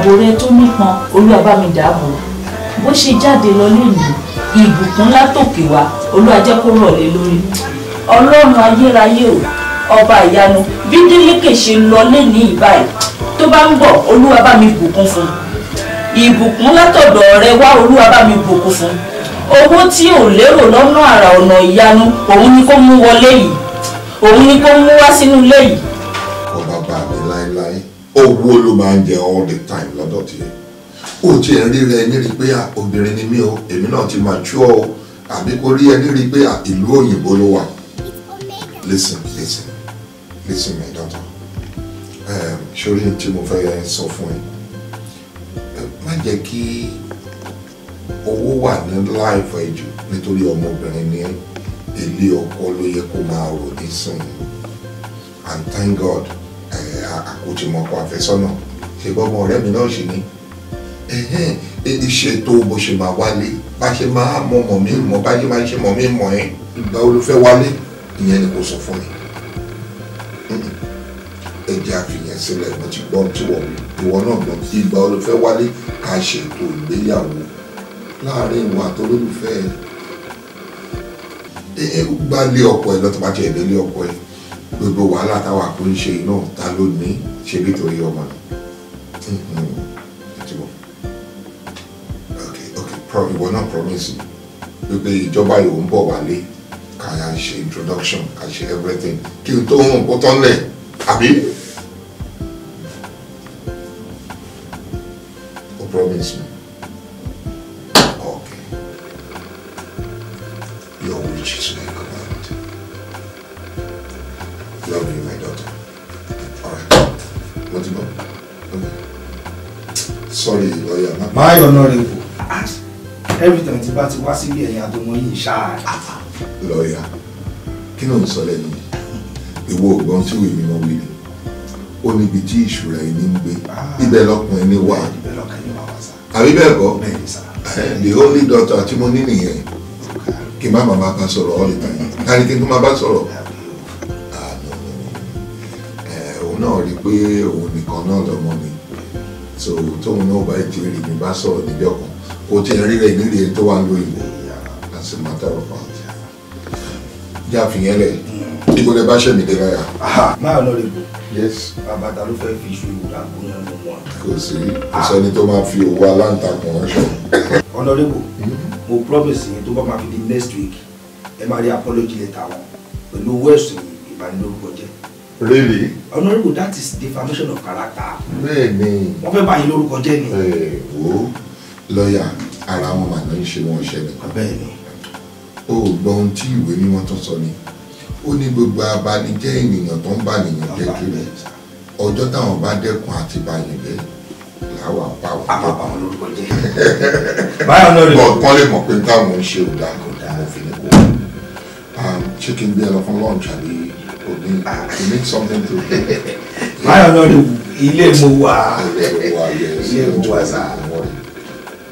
ààbò rẹ tó nípọn olúwa bá mi dààbò bó ṣe jáde lọ lẹ́nu ìbùkún látòkè wá olúwa jẹ́ kó rọ̀ lórí ọlọ́run ayérayé o ọba ìyanu bí ṣe lọ lẹ́ni ìbáyìí tó bá ń bọ̀ olúwa bá bùkún fún ìbùkún látọ̀dọ̀ rẹ wá olúwa bá bùkún fún owó tí ò lérò lọ́nà àrà ọ̀nà ìyanu òun ni kó mú wọlé yìí òun ni kó mú wá sínú ilé yìí. ọba bá mi láéláé owó ló máa ń jẹ all the kò tiẹ̀ rí rẹ ní rí pé obìnrin ni mí o èmi náà ti mature o àbí kò rí ẹni rí pé ìlú òyìnbó ló wà listen listen listen my daughter ṣorí ehm, tí mo fẹ́ sọ fún ẹ má jẹ́ kí owó wà ní láìfọ ẹjù nítorí ọmọbìnrin ní ilé ọkọ ló yẹ kó máa rò nísìnyí and thank God àkótìmọ̀kọ àfẹ́sọ́nà ṣe gbọ́mọ ọ̀rẹ́ mi náà ṣì ní ìṣètò bó ṣe máa wálé bá ṣe máa mọ mọ̀ mí mọ̀ bá ṣe máa ṣe mọ̀ mí mọ̀ ẹ́ ìgbà wo ló fẹ́ wálé ìyẹn ni kò sọ fún mi ẹ jẹ́ àfihàn sílẹ̀ mo ti gbọ́ tiwọ̀ ìwọ náà gbọ́ ìgbà wo ló fẹ́ wálé ká ṣètò ìgbéyàwó láàrin ìwà tó lólùfẹ́ ẹ gbálé ọkọ ẹ lọ́tọ́ bá jẹ́ ìdílé ọkọ ẹ gbogbo wàhálà táwa kò ń ṣe iná ta ló ní ṣe nítorí ọmọ ni. ìwọ not promise wípé ìjọba yòó ń bọ̀ wálé ká ṣe introduction ká ṣe everything kí n tó hàn kó tán lẹ̀ àbí. tí bá ti wá sílé ẹ̀yìn àtọmọ yìí ṣáà. lọ́ọ̀yà kí ló ń sọ lẹ́nu ìwọ ògbọ́n tí wèé mímọ́ wí ni ó níbi tí ìṣúra ẹni ń gbé ah. ibẹ̀ lọkùnrin ní wà àbí bẹ́ẹ̀ kọ́ eh, the only daughter tí mo ní nìyẹn kí má màmá bá sọ̀rọ̀ all the time kárí kí n tó má bá sọ̀rọ̀ ah, eh, òun náà rí i pé òun nìkan náà lọ́mọ mi so tóun náà bá ti rí mi bá sọ̀rọ̀ níbí ọkàn kò a matter of fact jẹ́ àfihàn lẹ̀ ibo lẹ bá ṣe mí dé báyà. máa lọ rẹ bò. yes. àbàtà ló fẹ́ fi iṣu ìwòrán kó yẹn mọ̀ wọn. kò sí kò sẹ́ni tó máa fi owó aláǹtakùn ránṣọ. honorable hmm? mo promise yín tó bá máa fi next week ẹ máa rí apology letter wọn pẹ̀lú owó ẹ̀sùn ìbánilórúkọ jẹ́. really. honorable that is defamation of character. Really? ni. wọ́n fẹ́ bá yín lórúkọ jẹ́ lọ́ọ̀yà ara wọn mà náà ń ṣe wọn ṣẹlẹ̀. bẹ́ẹ̀ ni. o ò gbọ́ ohun tí ìwé mímọ́ tó sọ ni ó ní gbogbo abanijẹ́ ènìyàn tó ń bà nìyàn jẹ́ ọjọ́ táwọn bá dẹ́kun àti bàyàn làwọn apá wọn. lórúkọ jẹ́. báyọ̀ náà rè. kọ́ lè mọ̀ pé táwọn ń ṣe òdà kò dáa òfin ni kò ṣé kí n gbé ẹ fún lunch àbí òní to make something to. báyọ̀ náà rè ilé mo wà ilé mo wà sáà.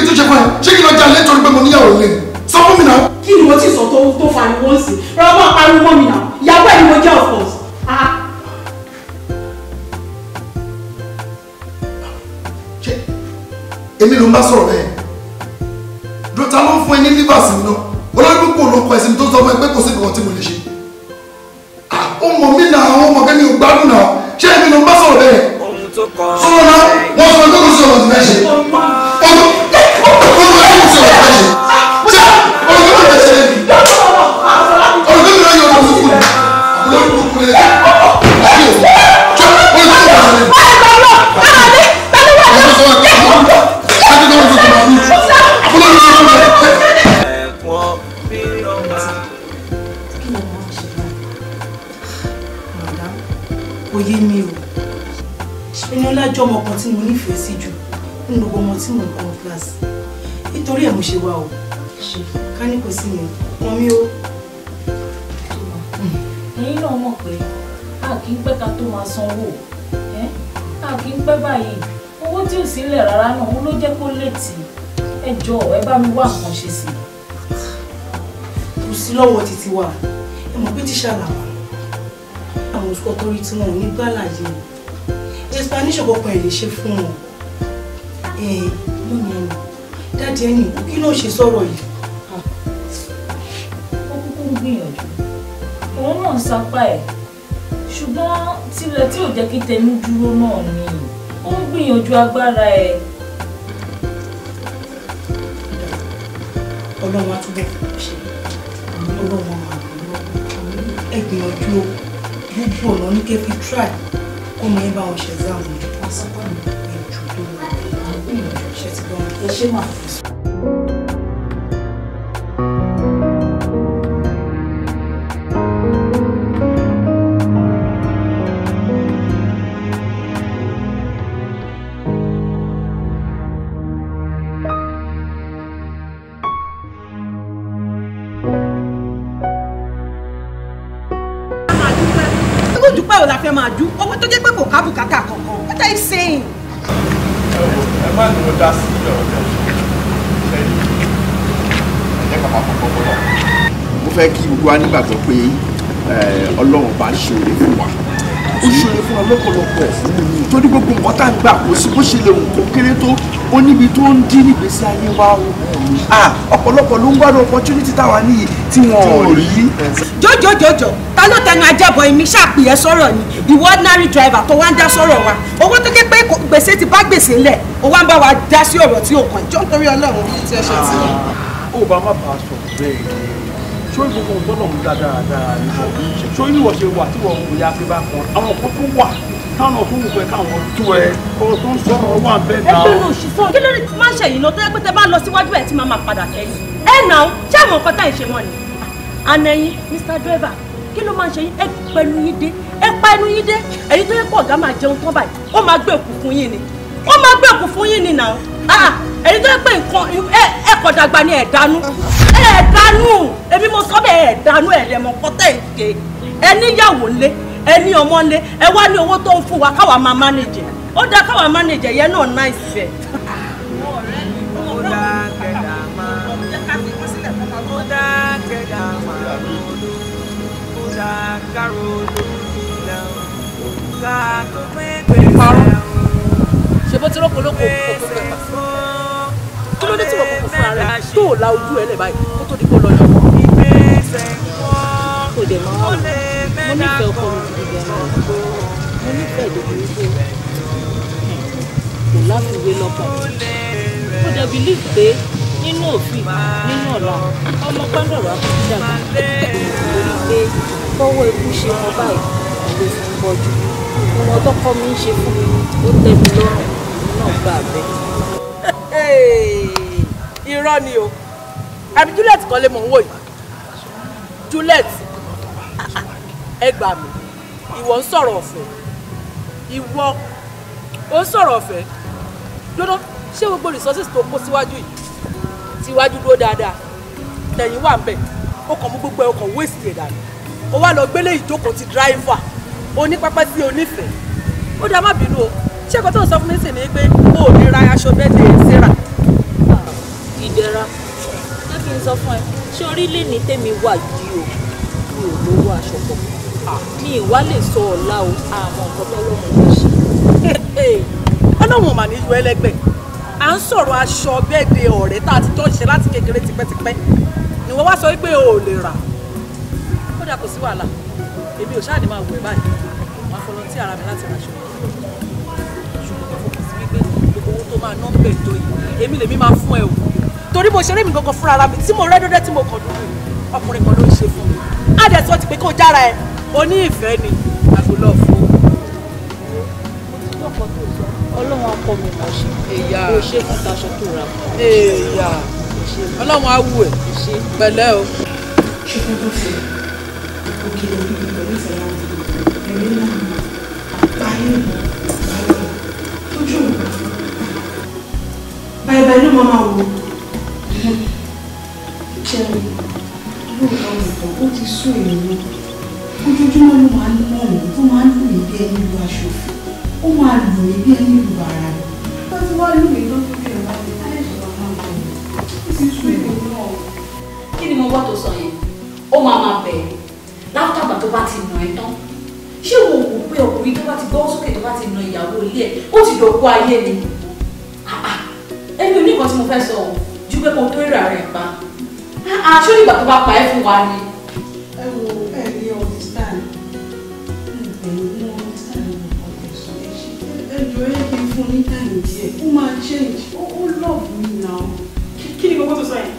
kí n tún ṣe fún ẹ ṣé kí n lọ jalè nítorí pé mo níyàwó lé sọ fún mi náà. kí ni mo ti sọ tó tó fa ni wọ́n sì rárá máa pariwo mọ́ mi náà ìyàwó ẹ̀ ni mo jẹ́ of course. Ah. ṣé èmi ló ń bá sọ̀rọ̀ bẹ́ẹ̀ dọ́tà ló ń fún ẹ ní líbàsì mi náà olóyún kò ló kọ ẹsìn tó sọ fún ẹ pé kò sí nǹkan tí mo lè ṣe. Ah, ó mọ̀ náà ó mọ̀ kẹ́mi ò gbádùn náà ṣé èmi ló ń bá sọ̀rọ̀ bẹ́ẹ̀ sọ̀rọ̀ náà wọ́n sọ̀rọ̀ tó kò sọ̀rọ̀ tó fẹ́ ṣe. ọmọ tí mo nífẹ̀ẹ́ sí jù nínú gbogbo ọmọ tí mo kọ́ class nítorí ẹ̀ mo ṣe wá o ká ní kò sí mi wọn mi ó. ẹ̀yin náà mọ̀ pé a kì í pẹ́ ká tó máa sanwó a kì í pẹ́ báyìí owó tí ò sílẹ̀ rárá náà òun ló jẹ́ kó létí ẹ jọ̀ọ́ ẹ bá mi wá nǹkan ṣe sí i kù sí lọ́wọ́ títí wa ẹ mọ̀ pé tíṣà làwà àwọn òṣùkọ́ tí wọn ò ní gbà láàyè níṣòro kan ẹ̀ lè ṣe fún wọn ẹ mú mi ẹnu dáàdi ẹni ìkú kí ló ṣe sọ̀rọ̀ yìí. ó kúkú ń gbìyànjú òun náà ń sapá ẹ̀ ṣùgbọ́n tilẹ̀ tí ò jẹ́ kí tẹnu dúró náà ni ó ń gbìyànjú agbára ẹ̀. ọlọ́run á túbọ̀ ṣe ọlọ́run àwọn àbúrò ẹ gbìyànjú gbogbo ọ̀nà ní kẹ́ fi try kó bá wọn ṣe exam wọn sọ pé mi ò jù tó lọ ṣe àdú owó tó jẹ́ pé kò kábùkátà kankan what are you saying. ẹ má ní mo dá sí ọ̀rọ̀ rẹ̀ sẹ́yìn ẹ̀jẹ̀ bàbá kọ̀ọ̀kan bọ́lá. mo fẹ́ kí gbogbo wa nígbàgbọ́ pé eh, ọlọ́run bá ṣòro fún wa ó ṣòro lọ lọ́pọ̀lọpọ̀ torí gbogbo nǹkan tá à ń gbà kò sí bó ṣe lè wù kó kéré tó ó níbi tó ń dín nígbésí ayé wa o ọ̀pọ̀lọpọ̀ ló ń gbádùn opportunity táwa níyì tí wọn ò rí. jọjọjọjọ ta ló tẹnu ajẹbọ èmi ṣàpì ẹ sọ̀rọ̀ ni ìwọ ordinary driver tó wá ń dá sọ̀rọ̀ wa owó tó ké pé gbèsè ti bá gbèsè lẹ ó wá ń bá wa dá sí ọ̀rọ̀ tí ò kàn jọ nítorí Ọlọ́run tí ẹ ṣe ti. Ah, ó bá má bàa sọ bẹ́ẹ̀ ṣó ìgbòho gbọ́dọ̀ mú dáadáa ní wọn ṣó ìwọ ṣe wà tí wọn kò yá pé bá kan àwọn kan tó wà táwọn tó wù pé káwọn tó ẹ ọ̀rọ̀ tó ń sọ̀rọ̀ wà bẹ́ẹ̀ náà. ẹ lọ́nà òṣìṣọ́ kí ló má ṣe yìí náà tó yẹ pé tẹ bá lọ síwájú ẹ̀ tí máa máa padà sẹ́yìn ẹ náà ṣé àwọn nǹkan tá ì ṣe wọn ni. anẹyin Mr driver kí ló máa ṣe yín ẹ pẹ̀lú yín dé ẹ pa ẹnu yín dé ẹ̀yin tó yẹ kó ọ̀gá máa jẹun tán báyìí ó máa gbé òkùnkùn yín ni ọ máa gbé òkú fún yín ni náà èyí ah, ah. tó yẹ pé nǹkan ẹ̀kọ́ dàgbà ni ẹ̀dánú ẹ̀dánú èmi mo sọ bẹ ẹ̀dánú ẹ̀lẹ́mọ̀ kọ́tẹ́ ìṣe ẹníyàwó lé ẹní ọmọ lé ẹ wá ní owó tó ń fún wa káwa máa ó káwa yẹn náà náà ṣèbó tí rọ́pò lóko òkú ẹ̀ pa kí ló dé tí wọ́n kò fún ara tó la ojú ẹ̀ lẹ̀ báyìí kó di kó lọ yọ. kò dé mọ́ mo nífẹ̀ẹ́ ọkọ mi ti di gan-an mo nífẹ̀ẹ́ ìdòkò yìí kò láfiwé lọ́kàn mo dẹ̀ bìlíf pé nínú òfin nínú ọ̀la ọmọ pàǹdàrà kò dàgbà lórí pé kọ́wọ́ ikú ṣe mọ́ báyìí ló fi ń bọ́jú ọmọ tó kọ́ mi ń ṣe fún mi ó tẹ́ mi lọ́rùn ọlọ́run gbà bẹ́ẹ̀. irọ́ ni o àbí Juliet kan lè mọ̀ ń wò yìí Juliet ẹ gbà mí ìwọ ń sọ̀rọ̀ ọ̀fẹ́ ìwọ ó ń sọ̀rọ̀ ọ̀fẹ́ dúró ṣé gbogbo resources tó kó síwájú yìí síwájú dúró dáadáa tẹ̀yìn wà ń bẹ̀ ó kàn mú gbogbo ẹ̀ ó kàn waste ẹ̀ dànù ó wá lọ gbélé ìjókòó ti driver onípápá sí onífẹ̀ẹ́ ó dá má bínú o ṣé kò tó sọ fún mi sì ni pé o ò ní ra aṣọ bẹ́ẹ̀dẹ̀ síra. ìdẹ̀ra má kí n sọ fún ẹ ṣé orílẹ̀ ní tèmi wà yìí o mi ò lówó aṣọ pọ̀ mi ìwá lè sọ ọ̀la o àmọ́ nǹkan tó lọ́mọ mi ṣe. ọlọ́run mà ní ju ẹlẹ́gbẹ́ à ń sọ̀rọ̀ aṣọ bẹ́ẹ̀dẹ̀ ọ̀rẹ́ tá a ti jọ ṣe láti kékeré tipẹ́tipẹ́ ni wọ́n wá sọ pé o ò lè rà kódà kò sí wàhálà èmi ò ṣáà ní máa wẹ̀ báyìí máa fọlọ́ntì ara mi láti raṣọ. tó máa ná pè tó yìí èmi lèmi máa fún ẹ o torí mo ṣeré mi gangan fúnra mi tí mo rẹ́ tí mo kàn dúró ọkùnrin kan ló ń ṣe fún mi ádẹ ti pé kó jára ẹ o ní ìfẹ́ ni àgbo lọ fún ọlọ́run akọ mi mọ̀ ṣe kò ṣe fún taṣọ tó ra ọlọ́run awù ẹ̀ pẹ̀lẹ́ o. ṣé kí ṣe òkè òkè pẹ̀lú ìfẹ́ láti ẹ̀rí náà àbáyé mọ́. pẹ̀lú ló máa máa wò jẹun lóòótọ́ nìkan ó ti sún èmi ojoojúmọ́ ló máa ń mọ̀ mí tó máa ń lù mí bí ẹni lu aṣòfin ó máa lù mí bí ẹni lu ara rẹ̀ wọ́n ti wá lù mí lọ́dún bí ọ̀la mi láìsí ọ̀la mi ó ti sún èmi náà. kí ni mo gbọ́ tó sọ yẹn ó máa máa bẹ̀ ẹ́ látàgbà tó bá ti nà ẹ́ tán ṣé wo wò pé ọkùnrin tó bá ti gbọ́ sókè tó bá ti nà ìyàwó ilé ẹ̀ ó ti dọ̀kú ayé ni èmi ò ní nǹkan tí mo fẹ́ sọ o ju pé kò tó èrà rẹ̀ pa aṣọ ah, ìgbà tó bá pa ẹ́ fún wa ni. ẹ wo ẹ ní understand ẹ̀yìn ní understand ọ̀tẹ̀ sọ ẹ jọ ẹ kí n fún ní táyì díẹ̀ ó máa change ó love me now. kí ni gbogbo tó sọ yẹn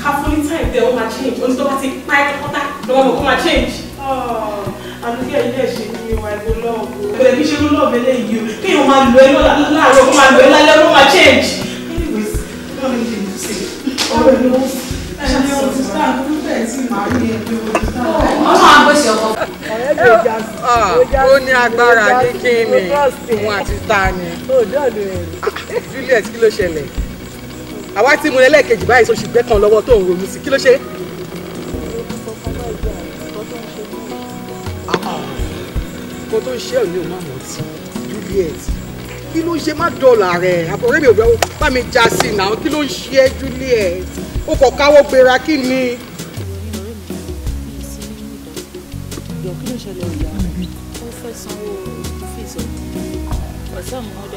ká fún ní táyì díẹ̀ ó máa change ó ní tó bá ti pa ẹ́ pátá lọ́wọ́ mi kó máa change. Ah àdúgbò ilé ẹ̀ṣẹ̀ ni ìwà ìbò lọ́ọ̀bù. ẹ̀bẹ̀ mi ṣe ló lọ́ọ̀bù eléyìí o kí èèyàn máa lọ ẹ láàárọ̀ kó máa lọ ẹ lálẹ́ kó máa change. anyways lọ́ọ̀ ní ìdí ìdí ọ̀rọ̀ ló ṣàṣọ ọmọ àgbèsè ọkọ. Ah, ah, ó ní agbára kíkíni òun àti ta ni. Ah, Juliet kí ló ṣẹlẹ̀ àwa tí mo lẹ́lẹ́kejì báyìí tó ṣì gbẹ́kan lọ́wọ́ tó ń ronú sí kí ló ṣe é. nǹkan tó ń ṣe ẹ̀ ní o máa mọ̀ sí Juliet kí ló ń ṣe má dọ̀là rẹ̀ àbọ̀rẹ́ mi ò bẹ́ẹ̀ bá mi já sí i náà kí ló ń ṣe ẹ́ Juliet ó kọ̀ káwọ́ gbéra kí ni. kí ló ṣẹlẹ̀ ìyá ó fẹ́ sanwó fíìsì ọ̀tún ọ̀sán mi wọ́n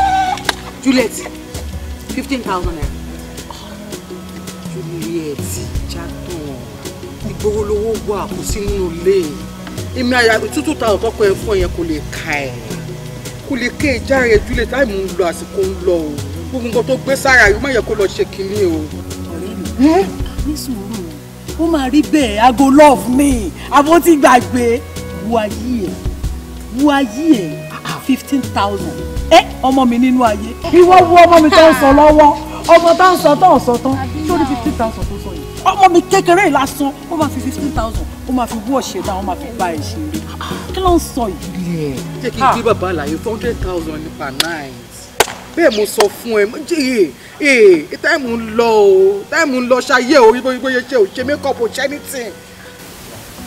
Juliet fifteen thousand naira Juliet jàdùn ìgbowó lówó wà kò sí nínú ilé èmi àyà tútù ta ọ̀tọ́kọ ẹ̀ fún ẹ̀ kò lè ka ẹ̀ kò lè ké ìjáre Juliet láì mú un lọ àsìkò ń lọ o gbogbo nǹkan tó gbé sára yìí má yẹ kó o. ọ̀rẹ́ mi ní sùúrù ó love me àbó ti gbàgbé wo ayé ẹ̀ wo ayé ẹ̀ fifteen thousand ẹ eh, ọmọ mi nínú ayé ìwọ wo ọmọ mi tó ń sọ lọ́wọ́ ọmọ tó ń sọ tó ń sọ tán lórí fifteen thousand tó sọ yìí ọmọ mi kékeré lásán ó máa fi fifteen thousand ó máa fi wú ọ̀ṣẹ́ dá ó máa fi gba ẹ̀ṣẹ̀ rẹ kí ló ń sọ yìí. jẹ́ kí n gbé bàbá àlàyé four hundred thousand nípa nine bẹ́ẹ̀ mo sọ fún ẹ jẹ́yẹ ee táìmù ń lọ o táìmù ń lọ ṣayé o yíyí ṣe ò ṣe make up ò ṣe anything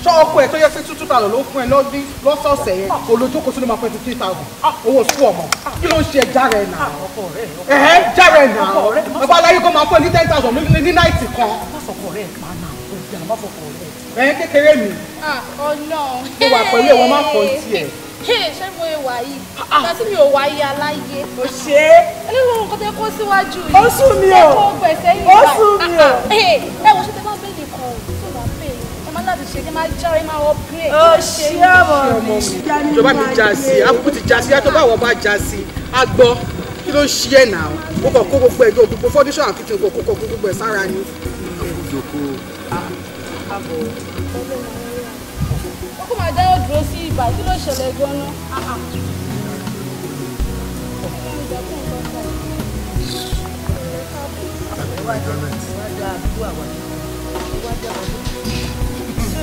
ṣọ́ ọkọ ẹ̀ tó yẹ pé two two thousand ló fún ẹ lọ́dún lọ́sọ̀ọ̀sẹ̀ yẹn olójókòó sínú máa twenty three thousand ah, owó sùn ọmọ kí ló ń ṣe jára ẹ̀ náà ẹ̀hẹ́ jára ẹ̀ náà ọba aláyé kó máa fún ẹ ní ten thousand ní náìtì kan. ẹ̀hẹ́ kékeré mi. Ah, ọ̀nà mo wà pẹ̀lú ẹ̀ wọ́n má kọ́ tiẹ̀ ṣé mo yẹ wà yìí ìgbà tí mi ò wá yìí aláyé. o ṣe é. oníwọ̀n nǹkan tẹ kó síwájú yìí. ó sùn mí o ó sùn mí o. Ah, eh, eh, ẹ wo ṣe tẹ bá bẹ́ẹ̀ nìkan o láti ṣe kí máa jọrọ máa upgrade. ó oh, ṣe ọmọ mi. ìjọba ti já sí àkókò ti já sí yàtọ̀ bá àwọn ọba já sí agbọ́ kí ló ń ṣí ẹ̀ náà ó kàn kó gbogbo ẹ̀jọ́ gbogbo fọ́díṣọ́ àti tìǹkù kó kó gbogbo ẹ̀ sára ni. ó máa dáwọ́ dúró sí ibà kí ló ṣẹlẹ̀ gan-an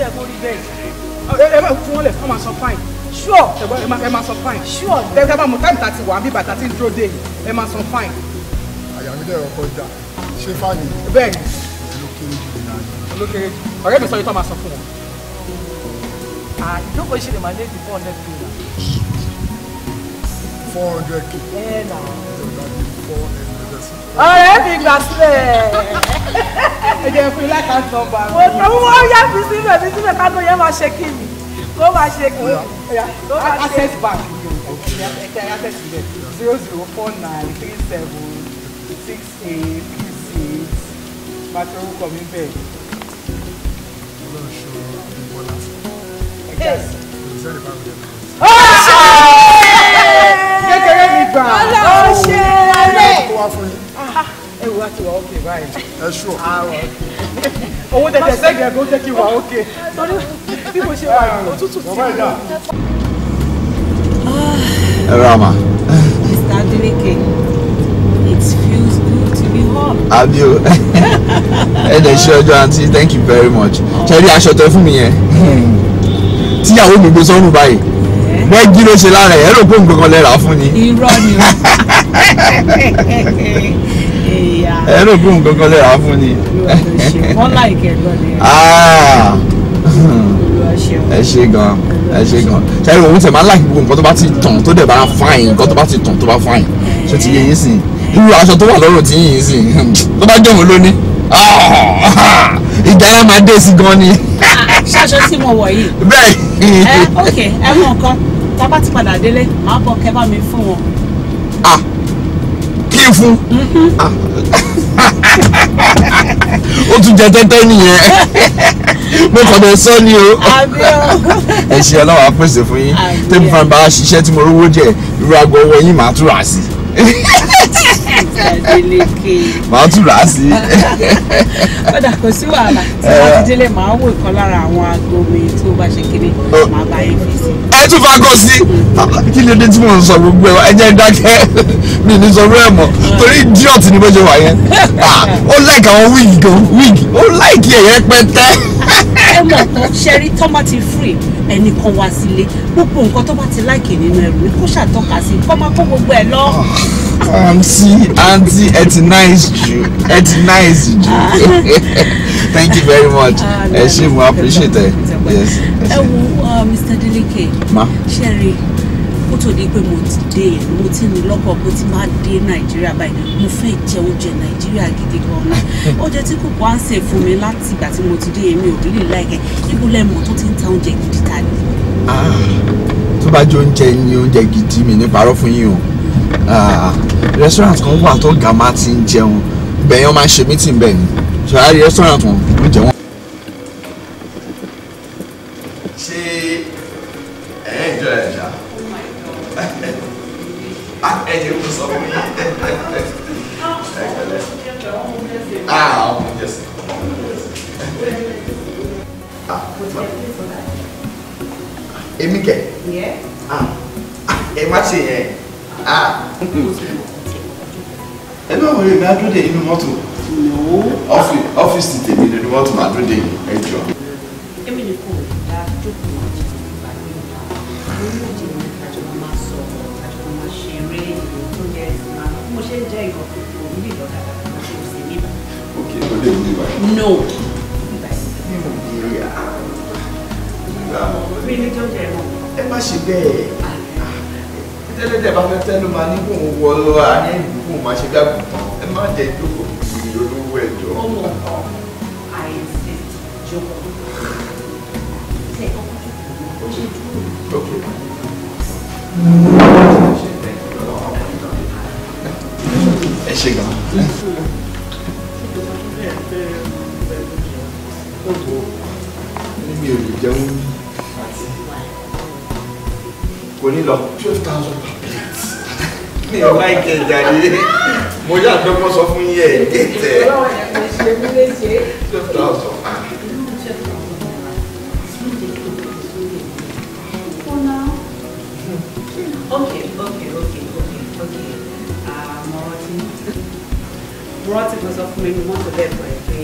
yẹ kó rí bẹ́ẹ̀. ẹ bá fún wọn lẹ fún ma sọ fine. sure ẹ ma ẹ ma sọ fine. sure ẹ bá mọ táìmù tàti wà bíbà tàti ń dúró dé ẹ ma sọ fine. àyà mi dẹ̀rọ kọjá ṣé fáàní. bẹ́ẹ̀ni olókèrè jù ní náà. olókèrè jù ọ̀rẹ́ mi sọ yìí tó ma sọ fún wọn. àdókò ṣe lè máa lé di four hundred four hundred k. ẹ four hundred k ọ̀rẹ́ mi gbà sílẹ̀. ẹ jẹ́ fún ilé àkáǹtì nọ́mbà mi. mo tọ́ wọ́n yá fi sílẹ̀ fi sílẹ̀ ká tó yẹ máa ṣe kí mi kó máa ṣe kí mi. access bank ẹ̀kẹ́ access bank zero zero four nine three seven six eight three six máa tẹ orúkọ mi bẹ́ẹ̀. Yes. ìbọlá ẹ̀jẹ̀ ìṣẹ́lẹ̀ bá mi lẹ́nu. kékeré mi gbà. ọlọ́ọ̀ṣẹ́ alẹ́ ẹ wá ti wà ókè báyìí. ẹ ṣù. Ah, owó tẹ̀tẹ̀ sẹ́gẹ̀ kó jẹ́ kí wà ókè. torí bí mo ṣe wà ah, òtútù tí mo lọ. Ah. ẹ rà mà. Mr. Adeleke it feels good to be home. àbí ẹ dẹ̀ ṣe ọjọ́ àǹtí thank you very much. ṣe rí aṣọ tẹ fún mi yẹn tíyàwó mi gbé sọ́run báyìí wọ́n eh? jí ló ṣe lára ẹ̀ ẹ́ rò pé nǹkan kan lè rà fún ni. irọ́ ni o. ẹ rò bí òun kankan lè rà fún ni. wọ́n láìkẹ́ ah. lọ́dẹ. ẹ ṣe gan ẹ ṣe gan ṣáà òun tẹ̀ máa láìkí gbogbo nǹkan tó bá ti tàn tó dẹ̀ bá fáìn nǹkan tó bá ti tàn tó bá fáìn ṣé ti yé yín sìn irú aṣọ tó wà lọ́rùn tí yín sìn hmm, tó bá jọ̀wọ́ lónìí ah, ìjà yẹn máa dé sí gan ni. Ah, ṣaṣọ tí mo wọ̀ yìí. bẹ́ẹ̀. ẹ eh, ok ẹ mọ nǹkan tá a bá ti padà délé màá bọ̀ kẹ́ bá mi fún wọn. ah kí n fún. Mhm ó tún jẹ tẹ́tẹ́ nìyẹn mo kàn bẹ sọ ni o ẹ ṣe ọlọ́wọ́ apèsè fún yín tẹ́mi fún mi bá ṣiṣẹ́ tí mo rówó jẹ irú aago ọwọ́ yín màá túrà sí màá túra sí i. ọ̀dà kò sí wàhálà tí wọ́n ti délé màá wò ìkan lára àwọn aago mi tí ó bá ṣe kéde màá bá yín fi sí. ẹ tún fa kọ sí kí ló dé tí mò ń sọ gbogbo ẹ ẹ jẹ́ ń dákẹ́ mi ní sọ rẹ mọ́ torí idiot ni bó wà yẹn ó like àwọn wig gan wig ó like ẹ̀yẹ pẹ́tẹ́ ẹ mọ̀ tán ṣẹ́rí tán bá ti free ẹnìkan wá sílé gbogbo nǹkan tó bá ti láìkè nínú ẹrù ni kó ṣàtọ́ka sí kó máa kó gbogbo ẹ̀ lọ um, see aunty etinize ju etinize ju thank you very much ah, ẹ ṣe mo appreciate it. yes. ẹ wo uh, mr deleke Sherry, ṣẹ́rí kó tó di pé mo ti dé mo ti ní lọ́kọ̀ bó ti máa dé nàìjíríà báyìí mo fẹ́ jẹ oúnjẹ nàìjíríà gidi gan-an oúnjẹ tí kòkó à ń sè fún mi láti ìgbà tí mo ti dé èmi ò rí lè láìkẹ́ ibo lẹ́mọ̀ tó ti ń ta oúnjẹ gidi ta ah, tó bá jẹ oúnjẹ ni oúnjẹ gidi mi ní parọ́ fún yín o Ah, restaurant kan wà tó ga máa ti ń jẹun ibẹ̀ yẹn máa ń ṣe meeting bẹ́ẹ̀ ni so àárí restaurant wọn ló wọn àwọn èèyàn á dúró dè nínú mọ́tò. ọ́fíìsì tèmi nínú mọ́tò máa dúró dè ẹ jọ. èmi ni kò dá jókòó àti ìgbàgbé mi ní ìdí mi àjọpọ̀ máa sọ àjọpọ̀ máa ṣe eré tó yẹ máa mo ṣe ń jẹ́ ìwọ kò ní ìlọ dàda kò ṣe ò sí níbà. ok o lè ní ìbàdí. no ìbàdí. mi ò ní rí a. mi ní tó jẹ mọ. ẹ má ṣe bẹ́ẹ̀ ah. ah. tẹ́lẹ̀dẹ̀ bá fẹ́ tẹ́lẹ̀ máa ní kóun wọ lọ àní ìlú kóun máa ṣe dáàbò má jẹ́ jókòó ìrìn olówó ẹ̀jọ́. ọmọ ọkọ àìsí jókòó ṣe ọkọ jókòó ó ṣe ẹ ṣe gan. mi ò lè jẹun kò ní lọ twelve thousand per plate mi ò máa ń jẹ ìjà mo yà dọ́gbọ́n sọ fún yẹ ẹ̀ gẹ̀tẹ̀. ọlọ́wọ́ ẹ̀ lè ṣe mí léṣe. dókítà ọ̀sán fún mi. Okay, okay, okay, okay, okay. Mo rántí. Mo rántí mo sọ fún mi ní mọ́tò bẹ́ẹ̀ bọ̀ ẹ̀ pé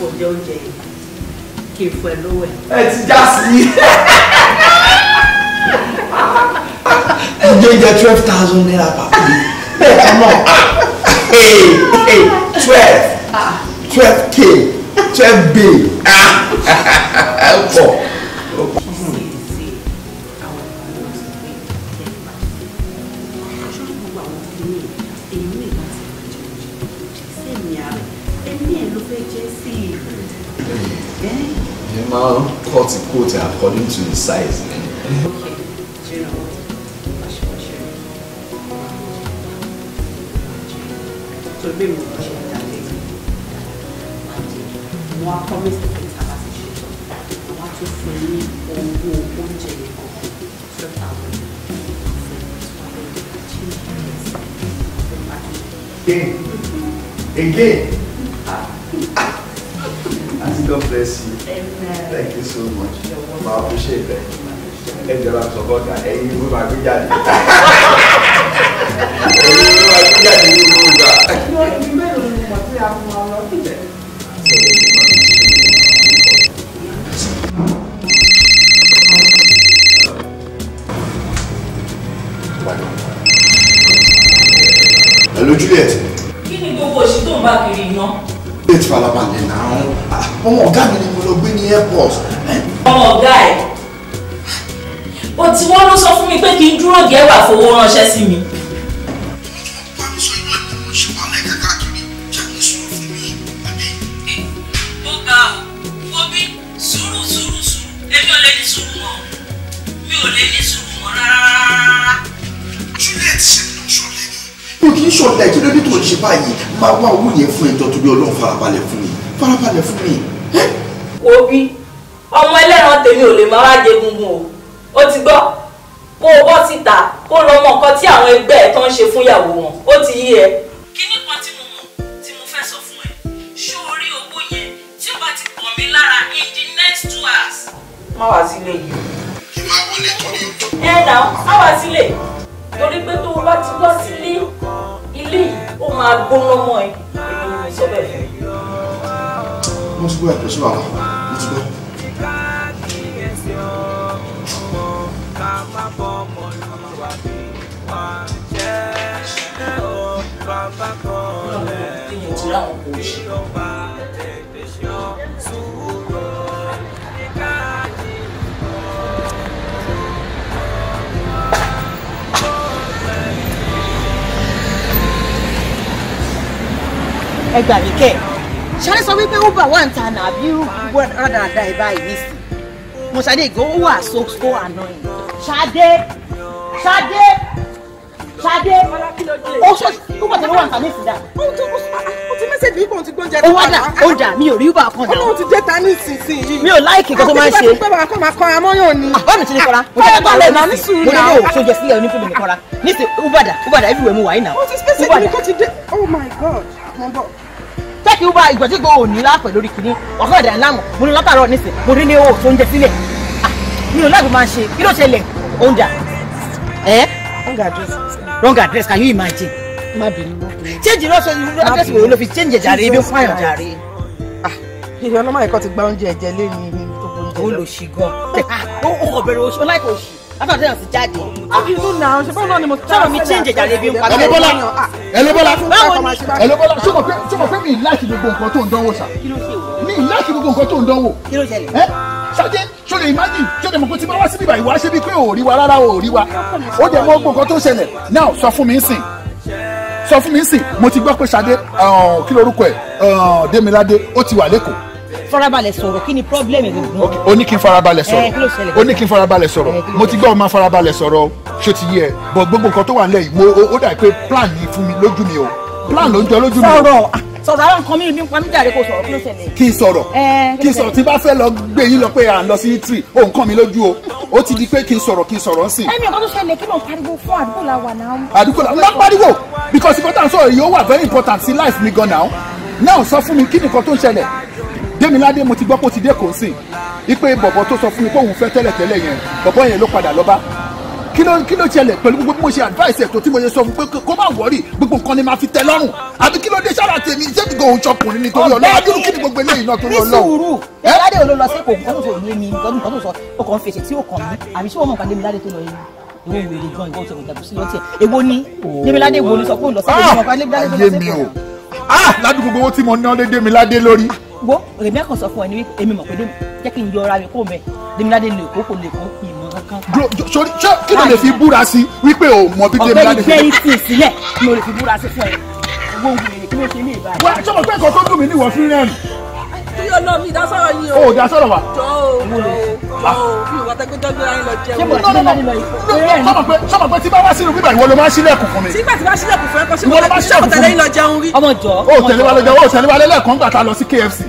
kò jẹ́ oúnjẹ yìí kì fọ ẹ lówó ẹ. ti já sí i. Ẹ jẹ́ jẹ́ twelve thousand naira pàpà. Bẹ́ẹ̀ ká mọ̀ twelve twelve k twelve b pọ̀. Amount cut to quote according to the size. pé mi ò ṣe ìdálẹ́ máa jẹ God bless you. Amen. Thank you so much. I appreciate that. Ẹ jọra sọ̀kọ́ ká ẹyin ló máa gbé jáde. Ẹyin ló máa gbé jáde nínú tí a mú ọ lọ síbẹ̀. Hello Juliet. Kí ni gbogbo òṣì tó ń bá kiri iná? Juliet farabalẹ̀ náà. Ah, ọmọ ọ̀gá mi ni mo lọ gbé ní airport. Eh? Ọmọ ọ̀gá ẹ̀. Bó ti wọ́n ló sọ fún mi pé kí n dúró gẹ́wà fowó ránṣẹ́ sí mi. máa wá owó yẹn fún ẹjọ́ torí ọlọ́run farabalẹ̀ fún mi farabalẹ̀ fún mi. òbí ọmọ ẹlẹ́ran tèmi ò lè máa wá jẹ gungun o ó ti gbọ́ kó o bọ́ síta kó lọ mọ nǹkan tí àwọn ẹgbẹ́ ẹ̀ tó ń ṣe fúnyàwó wọn ó ti yí ẹ. kíní kan tí mo mọ̀ tí mo fẹ́ sọ fún ẹ ṣó o rí owó yẹn tí o bá ti pọ̀ mí lára in the next two hours. má wá sílé yìí. kí máa wọlé tó ní. ẹ nà á wá sílé torí pé tó o bá ti lọ sílé ilé yìí ó máa gbóná mọ́ ẹ èmi ni mo sọ bẹ́ẹ̀ fẹ́. mo ti gbọ́ ẹ̀kọ́ sí wàhálà mo ti gbọ́. Bàbá kan lẹ̀ wọ́n bí ó bá. ẹ gbà mí kẹ́ ṣáré sọ wípé uber wà ń ta nà àbí rádaràda ẹ báyìí nísìn mo ṣàdé ìgò ó wà so so annoying ṣàdé ṣàdé ṣàdé ó ṣọ uber tẹ̀lé wà ń ta nísìn dà. ó ti mẹ́sẹ̀jì ibò ti gbóúnjẹ tó wà náà. ó wà ó dà mí ò rí uber kan dà. ó lóun ti dé ta ní ìsinsìnyí. mi ò láìkì nǹkan tó máa ń ṣe. àti pé bàbá kan máa kọ́ amóyàn ni. Ah, àbá mi ti ní kọ́ra mo jẹ́ bá lè ní sùúrù náà. mo ní kó sojẹ sílẹ̀ onífẹ́mi ní kọ́ra nísìn uber dà uber dà everywhere mo wà yìí náà. ó ti spẹ́sẹ̀ ní kó ti dé oh my god mo bọ̀ tẹ́kì uber ìgbọ̀jígbò ò ní láàpẹ̀ lórí kìíní ọ̀kan ìdá ìlànà mo ní látàárọ̀ nísìn mo rí ní owó tó ń jẹ sílẹ̀ ah, mi ò láàbì máa ṣe kí ló ṣẹlẹ̀ oúnjẹ wrong address wrong address can you imagine. má bínú mọ́ pé. change lọ́sọ address wo ló fi change jàre ibi fún àyàn jàre. Ah, ìyá ọlọ́mọ ẹ̀kọ́ ti gba oúnjẹ ẹ̀jẹ̀ lé ní ibi tó gbóúnjẹ lọ. olùsí gan. ó kọ̀ bẹ̀rẹ̀ oṣù ọláìkọ̀ oṣù látọ̀ tẹ̀yàn sí jáde. àbí inú nà án ṣe báwo náà ni mo ti sọ̀rọ̀ mi change ìjàlè bí n pa. ẹló bọ́lá ẹló ah. bọ́lá ẹló bọ́lá ṣé mo fẹ́ ṣé mo fẹ́ mi láti gbogbo nǹkan tó ń dánwò sà mi láti gbogbo nǹkan tó ń dánwò. kí ló ṣẹlẹ̀. ṣáde ṣo lè imagine ṣo lè mọ̀ pé tí bá wá síbí báyìí wá ṣe bí pé ò rí wa rárá ò rí wa ó dẹ̀ mọ̀ gbogbo nǹkan tó ṣẹlẹ̀ now sọ fún mi sìn sọ fún mi sìn mo ti gbọ́ pé ṣáde um, kí lórúkọ ẹ̀ um, Démiládé ó ti wà lẹ́kọ̀ọ́ farabalẹ̀ sọ̀rọ̀ kí ni problem gbogbo. ok o kí n farabalẹ̀ sọ̀rọ̀ o eh, kí n farabalẹ̀ sọ̀rọ̀ eh, mo ti gbọ́ ọ máa farabalẹ̀ sọ̀rọ̀ ṣó ti yẹ bọ̀ gbogbo nǹkan tó wà nílẹ̀ yìí mo ó dà pé plan ni fún mi lójú mi o plan ló ń jọ lójú mi. sọ̀rọ̀ ah, sọ̀rọ̀ àwọn nǹkan mi ní pa mí jàre kó sọ̀rọ̀ kí ló ṣẹlẹ̀. kí n sọ̀rọ̀ eh, kí n sọ̀rọ̀ tí bá fẹ́ lọ gbé yín lọ pé à ń lọ sí tree ó nǹkan mi lójú o ó ti di pé kí n sọ̀rọ̀ kí n sọ̀rọ̀ sí. ẹ̀mi ọ̀kan tó ṣẹlẹ̀ kí ló ń pariwo fún àdúgbò la náà. àdúgbò la máa pariwo because important sọ̀rọ̀ yìí ó wà very important sí life mi gan now now sọ fún mi kí nìkan tó ń ṣẹlẹ̀ Demilade mo ti gbọ́ pé ó ti dé kò sí ipe bọ̀bọ̀ tó sọ fún mi pé òun fẹ́ tẹ́lẹ̀tẹ́lẹ̀ yẹn bọ̀bọ̀ yẹn ló padà lọ́ba kí ló kí ló ṣẹlẹ̀ pẹ̀lú gbogbo bí mo ṣe advice ẹ̀tọ́ tí mo ṣe sọ fún pé kó má wọ́rì gbogbo nǹkan ni màá fi tẹ lọ́rùn àbí kí ló dé sára tèmi ṣé ti gòun ṣọkùnrin nítorí ọlọ́run adúrú kí ni gbogbo eléyìí náà torí ọlọ́run. ní sùúrù Demilade ò ló lọ sí kò tó sọ òní mi nǹkan tó sọ ó kàn fèsì tí ó kàn mí àbí ṣé wọ́n mọ̀ nǹkan Demilade tó lọ yẹn ìwọ ìwé gan ìwọ ìṣòro ìjàpọ̀ sí lọ́tì èwo ni Demilade oh. wo ni sọ pé òun ah wo rèmi ẹ̀kan sọ fún ẹ ní wípé èmi mọ̀ pé dèmi jẹ́ kí n yọ ara mi kó mẹ́ dèmíládé lè kó kò lè kó ìmọ̀ kankan. sori ṣé kí ló lè fi búra sí wípé o mọ bí dèmíládé. ọ̀gbẹ́ni bẹ́ẹ̀ ti sílẹ̀ ni o lè fi búra sí fún ẹ. owó ń gbìyànjú kí ló ṣe ní ìbára. wọ́n ṣọ́mọ̀ pé ẹ̀kọ́ tó dùn mí ní ìwọ̀fin rẹ̀ torí ọlọ́mi ìdásọ̀rọ̀ yìí o. o ìdásọ̀rọ̀ wa. jọ o jọ o fi ìwà tẹ́gbẹ́jọ́ gbé ayé lọ jẹun. ṣé mo ti lọ lọ sọmọ pé sọmọ pé tí bá wá sínú bíbá ìwọ ló máa sílẹ̀kùn fún mi. tí bá ti bá sílẹ̀kùn fún ẹ kọ́ sí mo tẹ̀lé ìlọ jẹun ọmọ jọ o tẹ̀lé wa lọ jẹun o tẹ̀lé wa lẹ́lẹ́kọ̀ọ́ ń gbà ta lọ sí KFC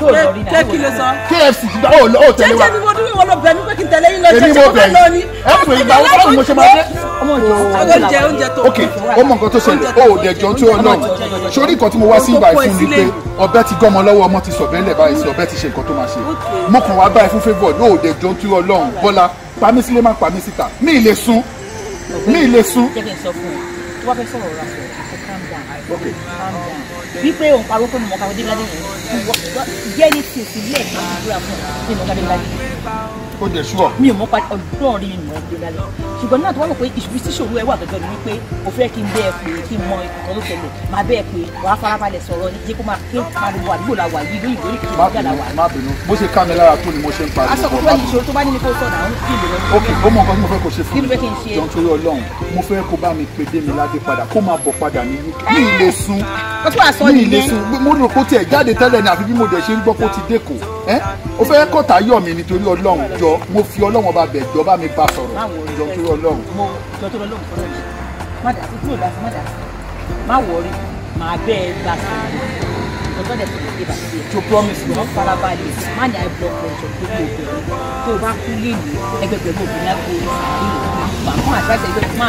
kí ló sọ. kfc ti gba ó oh, oh, tẹ̀lé wa. jẹ́jẹ́ mi mo dúró wọn lọ bẹ̀ mí pé kí n tẹ̀lé yín lọ jẹ́ jẹ́ kọ́kọ́ lọ ni. ẹ pè é báwo báwo mo ṣe máa dé. oúnjẹ oúnjẹ tó. ok ó mọ nǹkan tó ṣẹlẹ̀ ó ò oh, dẹ̀jọ́ tí ó lọ. sórí nǹkan tí mo wá sí ibà ìfún ni pé ọbẹ̀ ti gọ́mọ lọ́wọ́ ọmọ ti sọ̀bẹ́ lẹ̀ báyìí sí ọbẹ̀ ti ṣe nǹkan tó máa ṣe. mo kàn wá báyìí fún favour ló ò tí ó lọ́run bọ́lá pamí sílé má pamí síta mi ì lè calm down wípé òun parọ́ pé mọ̀ọ́ká ọdẹ́gbẹ́dẹ́ yẹn jẹ́ ní tìsílẹ̀ ìgbàlódé fún ìmọ̀ọ́ká ọdẹ́gbẹ́dẹ́ ó jẹ ṣúọ. mi ò mọ pa ọdún rí ìmọ̀ ẹgbẹ́ lálẹ́ ṣùgbọ́n náà tó wá rò pé ìṣubú sí ṣòro ẹ wà gẹ́gẹ́ ni wípé o fẹ́ kí n bẹ́ẹ̀ pé kí n mọ ìkọ̀kọ̀ ló tẹ̀lé máa bẹ́ẹ̀ pé wàá farabalẹ̀ sọ̀rọ̀ ní jẹ́ kó máa ké pariwo àdúgbò la wà yìí lóyìnbó ní kìkì ìgbà la wà. má bínú bó ṣe ká mi lára tó ni mo ṣe ń pariwo. aṣọ kókó yìí ṣòro tó bá ní ní kó sọ̀rọ̀ àwọn kí lè lọ. ok ó mọ nǹkan tí mo fẹ́ kó ṣe fún mi. kí ló fẹ́ kí n ṣe. jọ̀ọ́ torí Ọlọ́run mo fẹ́ kó bá mi pe dé mi ládé padà kó máa bọ̀ padà ní UK ní ilé sun ní ilé sun mo rò kó tiẹ̀ jáde tẹ́lẹ̀ ní àfi bí mo dẹ̀ ṣe ń gbọ́ kó ti dé kò ẹ o fẹ́ kọ́ta yọ̀ mí nítorí ọlọ́run jọ mo fi ọlọ́run ọba bẹ̀ jọ mi bá sọ̀rọ̀ jọ torí ọlọ́run. mo jọ torí ọlọ́run fọlọ́ yìí má dà sí kúrò dá sí má dà sí má wọrí màá bẹ́ ẹ gbà sọ̀rọ̀ ọjọ́ dẹ̀ tẹ̀lé dé bàtí ẹ̀. to promise me. wọ́n farabalẹ̀ má ní àìbọ̀ ọ̀jọ̀ gbogbo obìnrin tó bá kú lé ní ẹgbẹ̀gbẹ̀gbẹ̀ obìnrin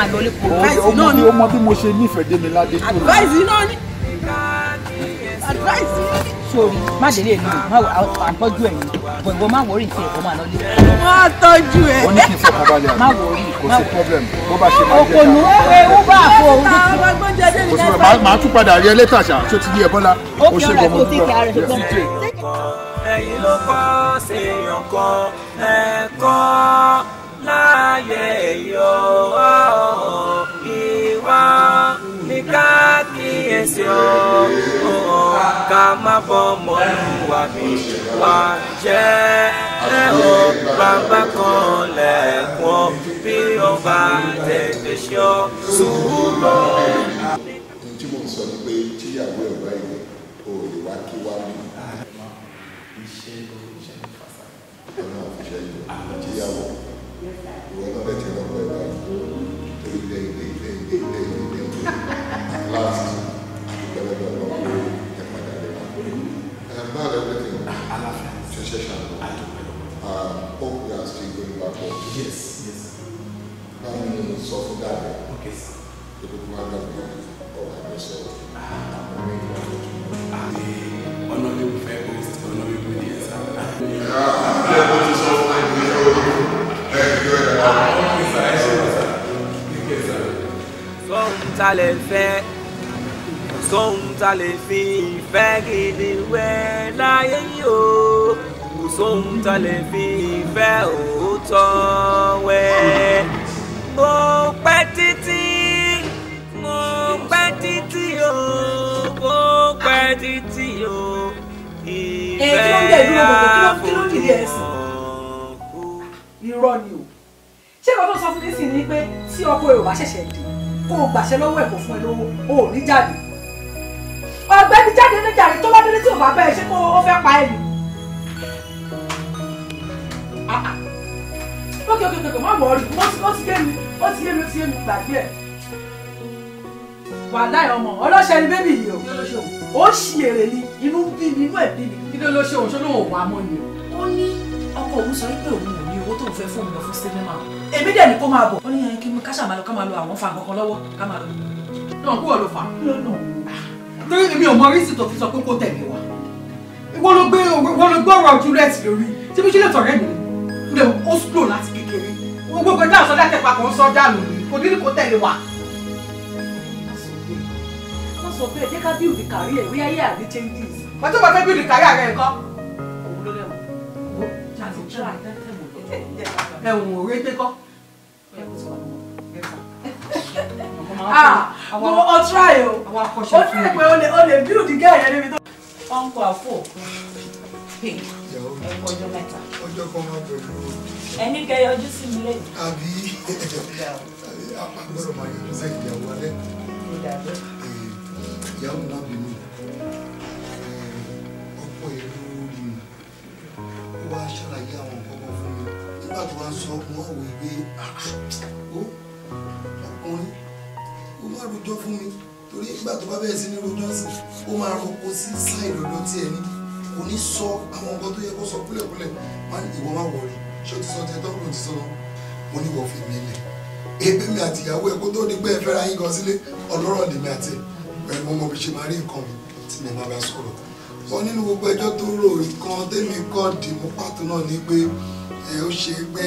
àgbo bí mo ṣe nífẹ̀ẹ́ dé mi sórí má délé mi má àtọ́jú ẹ̀ gbọ̀ngbọ̀n má wọrí ìfẹ́ ẹ̀kọ́ máa lọ́lé. má tọ́jú ẹ̀. wọ́n ní kí n fọkàn balẹ̀ àná kò sí problem bó bá ṣe máa jẹ́ òkòlù ewu bá àpò òun ló ti. màá tún padà rí ẹ létà ṣá tó ti di ẹ bọ́lá ó ṣe gbọmọ gbọmọ. ẹ̀yin ló kọ́ sí ọkàn ẹ̀kọ́ láàyè yọ̀ ìwà ní káàkiri ṣe ọ́ ká má bọ́ ọmọlúwàbí wa jẹ́ ẹ ò bàbá kan lẹ́kùn bí ó bá tètè ṣe ọ́ sùúrù. tí mo sọ ni pé tíyàwó ẹ̀ wáyé o lè wá kí wá mi. ọlọ́run fi ṣe é tíyàwó ìwọ náà lè ti rọ́pò ẹ̀ báyìí. Last. ṣiṣẹ́ ṣàlọ́. Um, hope you are still going back home. Yes, yes. Báwo ni sọ fún dáàbò? Okay. Ìgbókùn wa gbàgbọ́ ọ̀rọ̀ àgbẹ̀sọ̀. Àwọn ọmọ ìgbà tó tún. Àti honourable fair host, honourable yes. Àbúrò ẹ̀kọ́ ti sọ fún ẹgbẹ́ ọdún. Ẹgbẹ́ ẹ̀rọ. Àwọn ọmọ ìgbà ẹ̀ṣẹ̀ wà sá. Kíkẹ́ sá. Sọ́hun ta lè fẹ́ sóhun ta lè fi ìfẹ́ gidi wẹ̀ láyé yìí o sóhun tá lè fi ìfẹ́ òótọ́ wẹ̀. mo pẹ́ títí mo pẹ́ títí o mo pẹ́ títí o ìfẹ́ àfòmọ́ irọ́ ni o ṣé kò tó sọ fún mi sì ni pé tí ọkọ rẹ ò bá ṣẹ̀ṣẹ̀ dé kó o gbàṣẹ lọ́wọ́ ẹ̀ kó fún ẹ lówó o ò ní jáde ọ̀gbẹ́ni jáde ní jàre tó bá délé tí ò bá bẹ́ẹ̀ ṣé kó o fẹ́ pa ẹ̀ nìyí ókè ókè ókè má wọrí ó ti yé mi ó ti yé mi ó ti yé mi gbàgbé ẹ̀ wà láì ọmọ ọlọ́ṣẹ́ ni bébì yìí o ó ṣì èrè ni inú bí mi inú ẹ̀ bí mi. kí ló ló ṣe òun ṣó lóun ò wá mọ́ ni o. ó ní ọkọ òun sọ pé òun ò ní owó tóun fẹ́ fóun lọ fún sinimá èmi dẹ̀ ní kó máa bọ̀. ó ní yẹn kí n ká ṣàmà lọ ká máa lo àwọn fa kankan lọ́wọ́ ká máa lọ. náà kúrò ló fà. torí èmi ò mọ rísì tó fi sọ pé kó tẹ̀lé wa. ìwọ ló gbé ọ̀rọ̀ Juliet lórí tí mi ṣe lè tọ̀rẹ́ mi lè ó slow láti kékeré gbogbo ìta àsọdá tẹpa kan sọ dànù ni kò ní kó tẹ̀lé wa. wọ́n sọ bẹ́ẹ̀ jẹ́ ká build the career wíyá yẹ́ àbí changes. wọ́n tó bá fẹ́ build the career rẹ̀ kọ́. òun ló lẹ́wọ̀n. wo jáde jáde ẹ̀wọ̀n òwe pé kọ́. Ah, mo ọ try o ó try pé o lè o lè build the níbi tó. ọ̀npọ̀ àfọ̀ ẹ̀kọ́ ọjọ́ mẹ́ta ọjọ́ kan máa pẹ̀lú. ẹni kẹ yọjú sí mi lé. àbí àgbọ̀dọ̀ máa yọjú sí ìyàwó alẹ́. Eh, ìyàwó máa bínú eh, ọ̀pọ̀ èrò orí mi ó wá ṣàlàyé àwọn nǹkan kan fún mi nígbà tó wá ń sọ ọkùnrin ọ̀wọ̀ ìgbé ó ọkùnrin ó má rojọ́ fún mi torí nígbà tó bá bẹ̀rẹ̀ sí ní rojọ́ sí ó máa roko sí sáì rojọ́ tí ẹ ní kò ní sọ àwọn nǹkan tó yẹ kó sọ kúlẹ̀kúlẹ̀ máa ìwọ má wọrí ṣé o ti sọ tẹ́tọ́ kò ti sọ lọ mo ní wọ́n fi mí lẹ̀ ebi mi àti ìyàwó ẹ̀ kó tó di pé ẹ fẹ́ra yín gan sílé ọlọ́rọ̀ lèmi àti pẹ̀lú mo mọ bí ṣe máa rí nǹkan mi tí mi máa bá sọ̀rọ̀ sọ nínú gbogbo ẹjọ́ tó rò nǹkan tẹ́mi kọ́ dì mú pàtó náà ni pé ẹ ó ṣe pé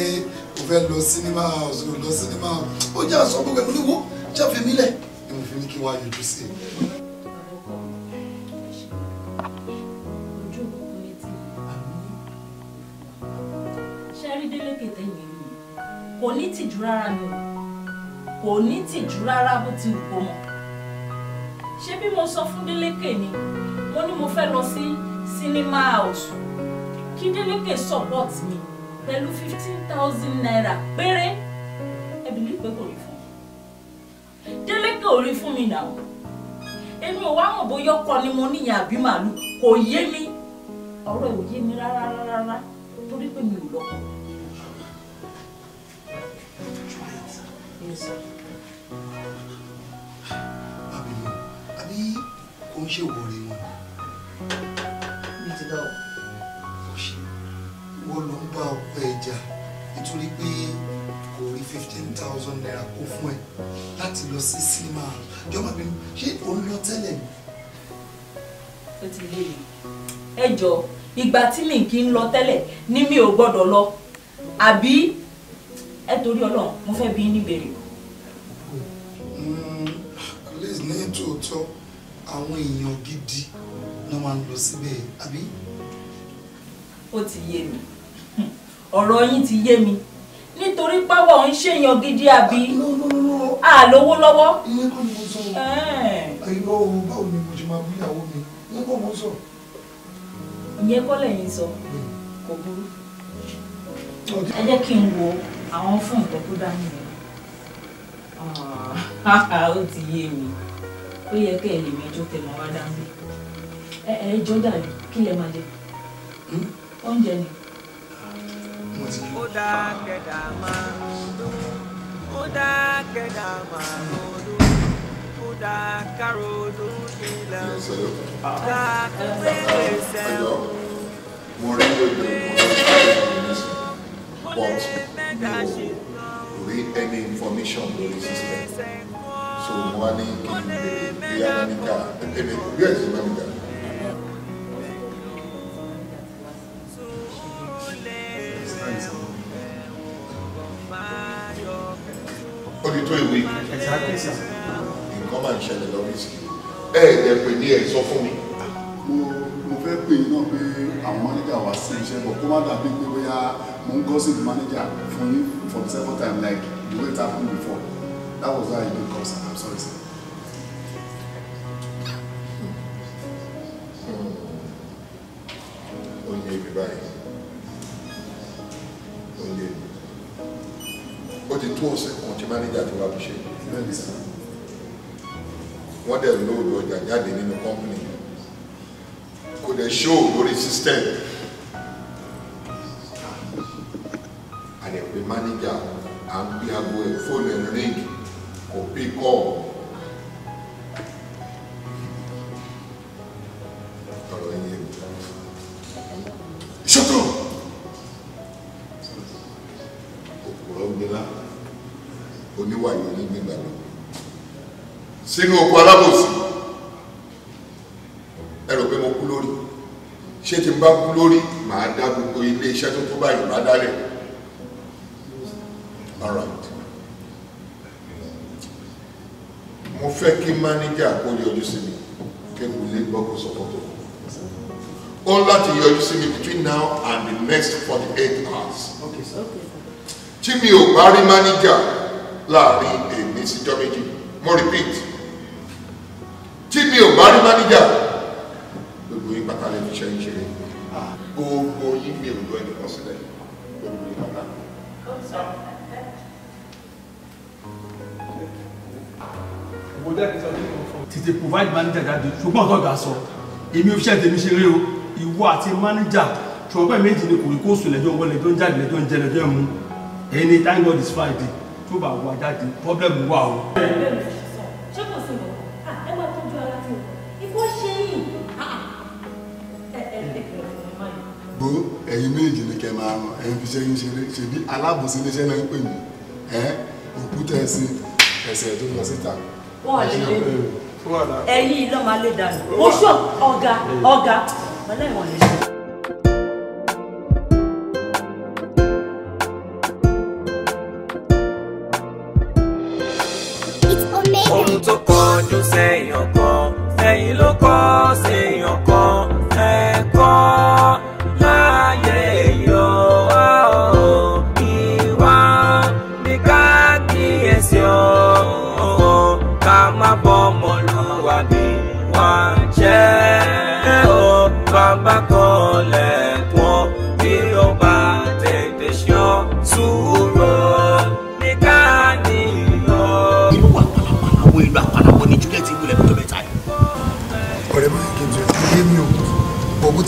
o fẹ́ lọ sinimá house o lọ sinimá ó jẹ́ àsọ gbogbo ẹ̀ mo ní wo jáfe mílẹ̀ ni mo fi ní kí wọ́n á yọjú sí i. Arédélékè tẹ̀yìn mi kò ní tìjú rárá ni o kò ní tìjú rárá bó ti wù kó mọ̀ ṣé bí mo sọ fún Délékè ni mo ní mo fẹ́ lọ sí sinimá house kí Délékè support mi pẹ̀lú fifteen thousand naira péré ẹbí ní pé kò rí fún mi Délékè ò rí fún mi náà èmi ò wá mọ̀ bóyá ọkọ ni mo níyàn àbí màálù kò yé mi ọ̀rọ̀ ẹ̀ ò yé mi rárá rárá torí pé mi ò lọ́kọ̀ọ́. bábìlú àbí kò ń ṣèwọ rẹ mọ. mi ti dá o. kò ṣe wọ́n ló ń bá ọkọ ẹ̀ nítorí pé kò rí fifteen thousand naira kó fún ẹ láti lọ sí sinimá jọba bínú ṣé òun lọ tẹ́lẹ̀ ni. ó ti lè ẹ jọ ìgbà tí mi kì í lọ tẹ́lẹ̀ ni mi ò gbọ́dọ̀ lọ àbí ẹ torí Ọlọ́run mo fẹ́ bi í níbèrè o colleagues hmm, ní tòótọ́ àwọn èèyàn gidi ló máa ń lọ síbẹ̀ àbí. ó ti yé mi ọ̀rọ̀ yín ti yé mi nítorí páwọ̀ ń ṣèyàn gidi àbí àlówó ah, lọ́wọ́. ìyẹn kò ní mo sọ ìlọ eh. ooru báwo ni mo ṣe máa búyàwó mi ìyẹn kò mo sọ. ìyẹn kọ́ lẹ́yìn sọ hmm. kò burú ẹ jẹ́ kí n wo àwọn fóònù tó kú dání rẹ̀ ó ti yé mi ó yẹ kẹ́ ẹ lè mẹ́jọ tẹ̀mọ́ wá dáńbí ẹ ẹ jọ dàbí kí lẹ máa jẹ oúnjẹ ni. ó dá kẹ̀dà máa ronú ó dá kẹ̀dà máa ronú ó dá káròdú ilẹ̀ ó dá kẹ̀dà sẹ́wọ̀n. mo rí ẹgbẹ́ mi mo rí ẹgbẹ́ mi but mo rí any information lórí system so mo wá ní kí n béèrè bóyá mọ́nìkà ẹ̀ẹ́dẹ̀ bóyá ìṣe mọ́nìkà. ó di tó ìwé nǹkan máa ń ṣẹlẹ̀ lọ́wọ́sì ẹ̀ẹ́dẹ̀ pè ní ẹ̀ sọ fún mi. mo fẹ́ pè yín náà pé àwọn mọ́nìkà wá sí iṣẹ́ bọ̀ kó má dàbí pé bóyá mo ń gọ́sìpì mọ́nìkà fún for the second time like the way it happened before. That was why I didn't come, sir. I'm sorry, sir. Onye everybody. báyìí. Onye mi. Ó ti tó ọ̀sẹ̀ kan tí mánéjà ti What they know Wọ́n dẹ̀ lóòdù ọjà jáde nínú kọ́mpìnì. Kò dẹ̀ ṣóò lórí à ń gbé aago ẹ̀ fóònù ẹ̀ ring kò pick up. ọ̀rọ̀ ẹ̀ o mi. ṣọ́tọ̀ òpùrọ̀ gbéra oníwàyò onígbègbàlò sínú oko alábòsí ẹ rò pé mo kú lórí ṣé tí n bá kú lórí màá dá gbogbo ilé iṣẹ́ tó tó báyìí bá dálẹ̀ around mo fẹ́ kí mánéjà kó yọjú sí mi kẹ́kọ̀ọ́ lé gbọ́kọ̀ sọ́kọ̀tọ̀ ó láti yọjú sí mi between now and the next forty eight hours tí mi ò bá rí mánéjà láàrin èmi síjọ́ méjì mo repeat tí mi ò bá rí mánéjà gbogbo yín pátá lè fi ṣe é ṣeré ah, gbogbo yín mi ò lọ ẹnìkan sílẹ̀ gbogbo yín pátá. Oh, tètè provide manager jáde ṣùgbọ́n ọ̀tọ̀ gà sọ èmi ò fi ṣe tèmi ṣeré o ìwọ àti manager ṣùgbọ́n méjì ni kò rí kóòsù lẹ́jọ́ wọlé lẹ́jọ́ ń jáde lẹ́jọ́ ń jẹ lẹ́jọ́ ń mu ẹni thank God is Friday tó bá wà jáde problem wà o. ṣé kò sí mọ́ ẹ máa tọ́jú ara tí o ikú ṣe yìí gbó ẹ̀yin méjì ni kẹ́ máa ràn ẹ̀yin fi ṣẹ́yìn ṣeré ṣèbí alábòsí iléeṣẹ́ náà ń pè mí ẹ̀ òkúta ẹ̀sìn ẹ̀sẹ̀ tó lọ síta wọn lè lè ẹ̀yìn lọ́ọ́ máa lè dànù. mo ṣọ́ ọ̀gá ọ̀gá mọ̀lẹ́ ìwọ̀n lè ṣe.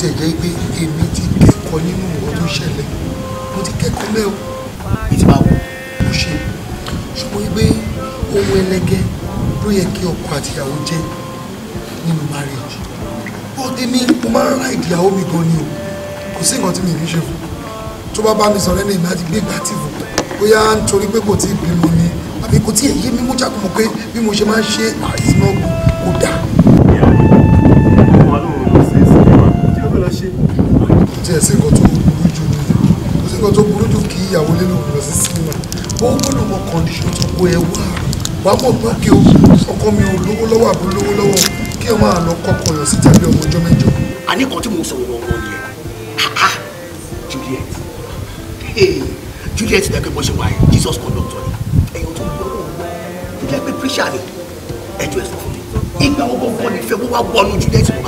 tiẹ̀ jẹ́ pé èmi ti kẹ́kọ̀ọ́ nínú nǹkan tó ṣẹlẹ̀ mo ti kẹ́kọ̀ọ́ mẹ́ o èyí máa wò ó ṣe ṣùgbọ́n wípé ohun ẹlẹgẹ́ ló yẹ kí ọkọ àtìyàwó jẹ́ nínú marriage bọ́ọ̀dé mi mo máa ń ra ìdíyàwó mi gan ni o kò sí nǹkan tí mi rí ṣe fún tó bá bá mi sọ̀rọ̀ ẹni ìmọ̀ àti gbégbá tì fún bóyá nítorí pé kò tí ì bímọ ni àbí kò tí ì yé mi mú nǹkan tó burú jù kí ìyàwó lé lòun lọ sí sinimá ó gbọ́dọ̀ mọ kọ́ndíṣọ̀n tó kó ẹ wá wà mọ̀ pé kí o ọkọ mi ò lówó lọ́wọ́ àbí lówó lọ́wọ́ kí ẹ máa lọ kọ́kọ́ yọ sí tàbí ọmọ ọjọ́ mẹ́jọ. àní tí mo sọ wọn wọn nìyẹn Juliet hey, Juliet dẹ́gbẹ́ bó ṣe wà Jesus conductor ni ẹ̀yin tó ń bọ̀ lọ́wọ́ tó jẹ́ pé pressure ni ẹjọ́ ẹ̀ sọ fún mi ìgbà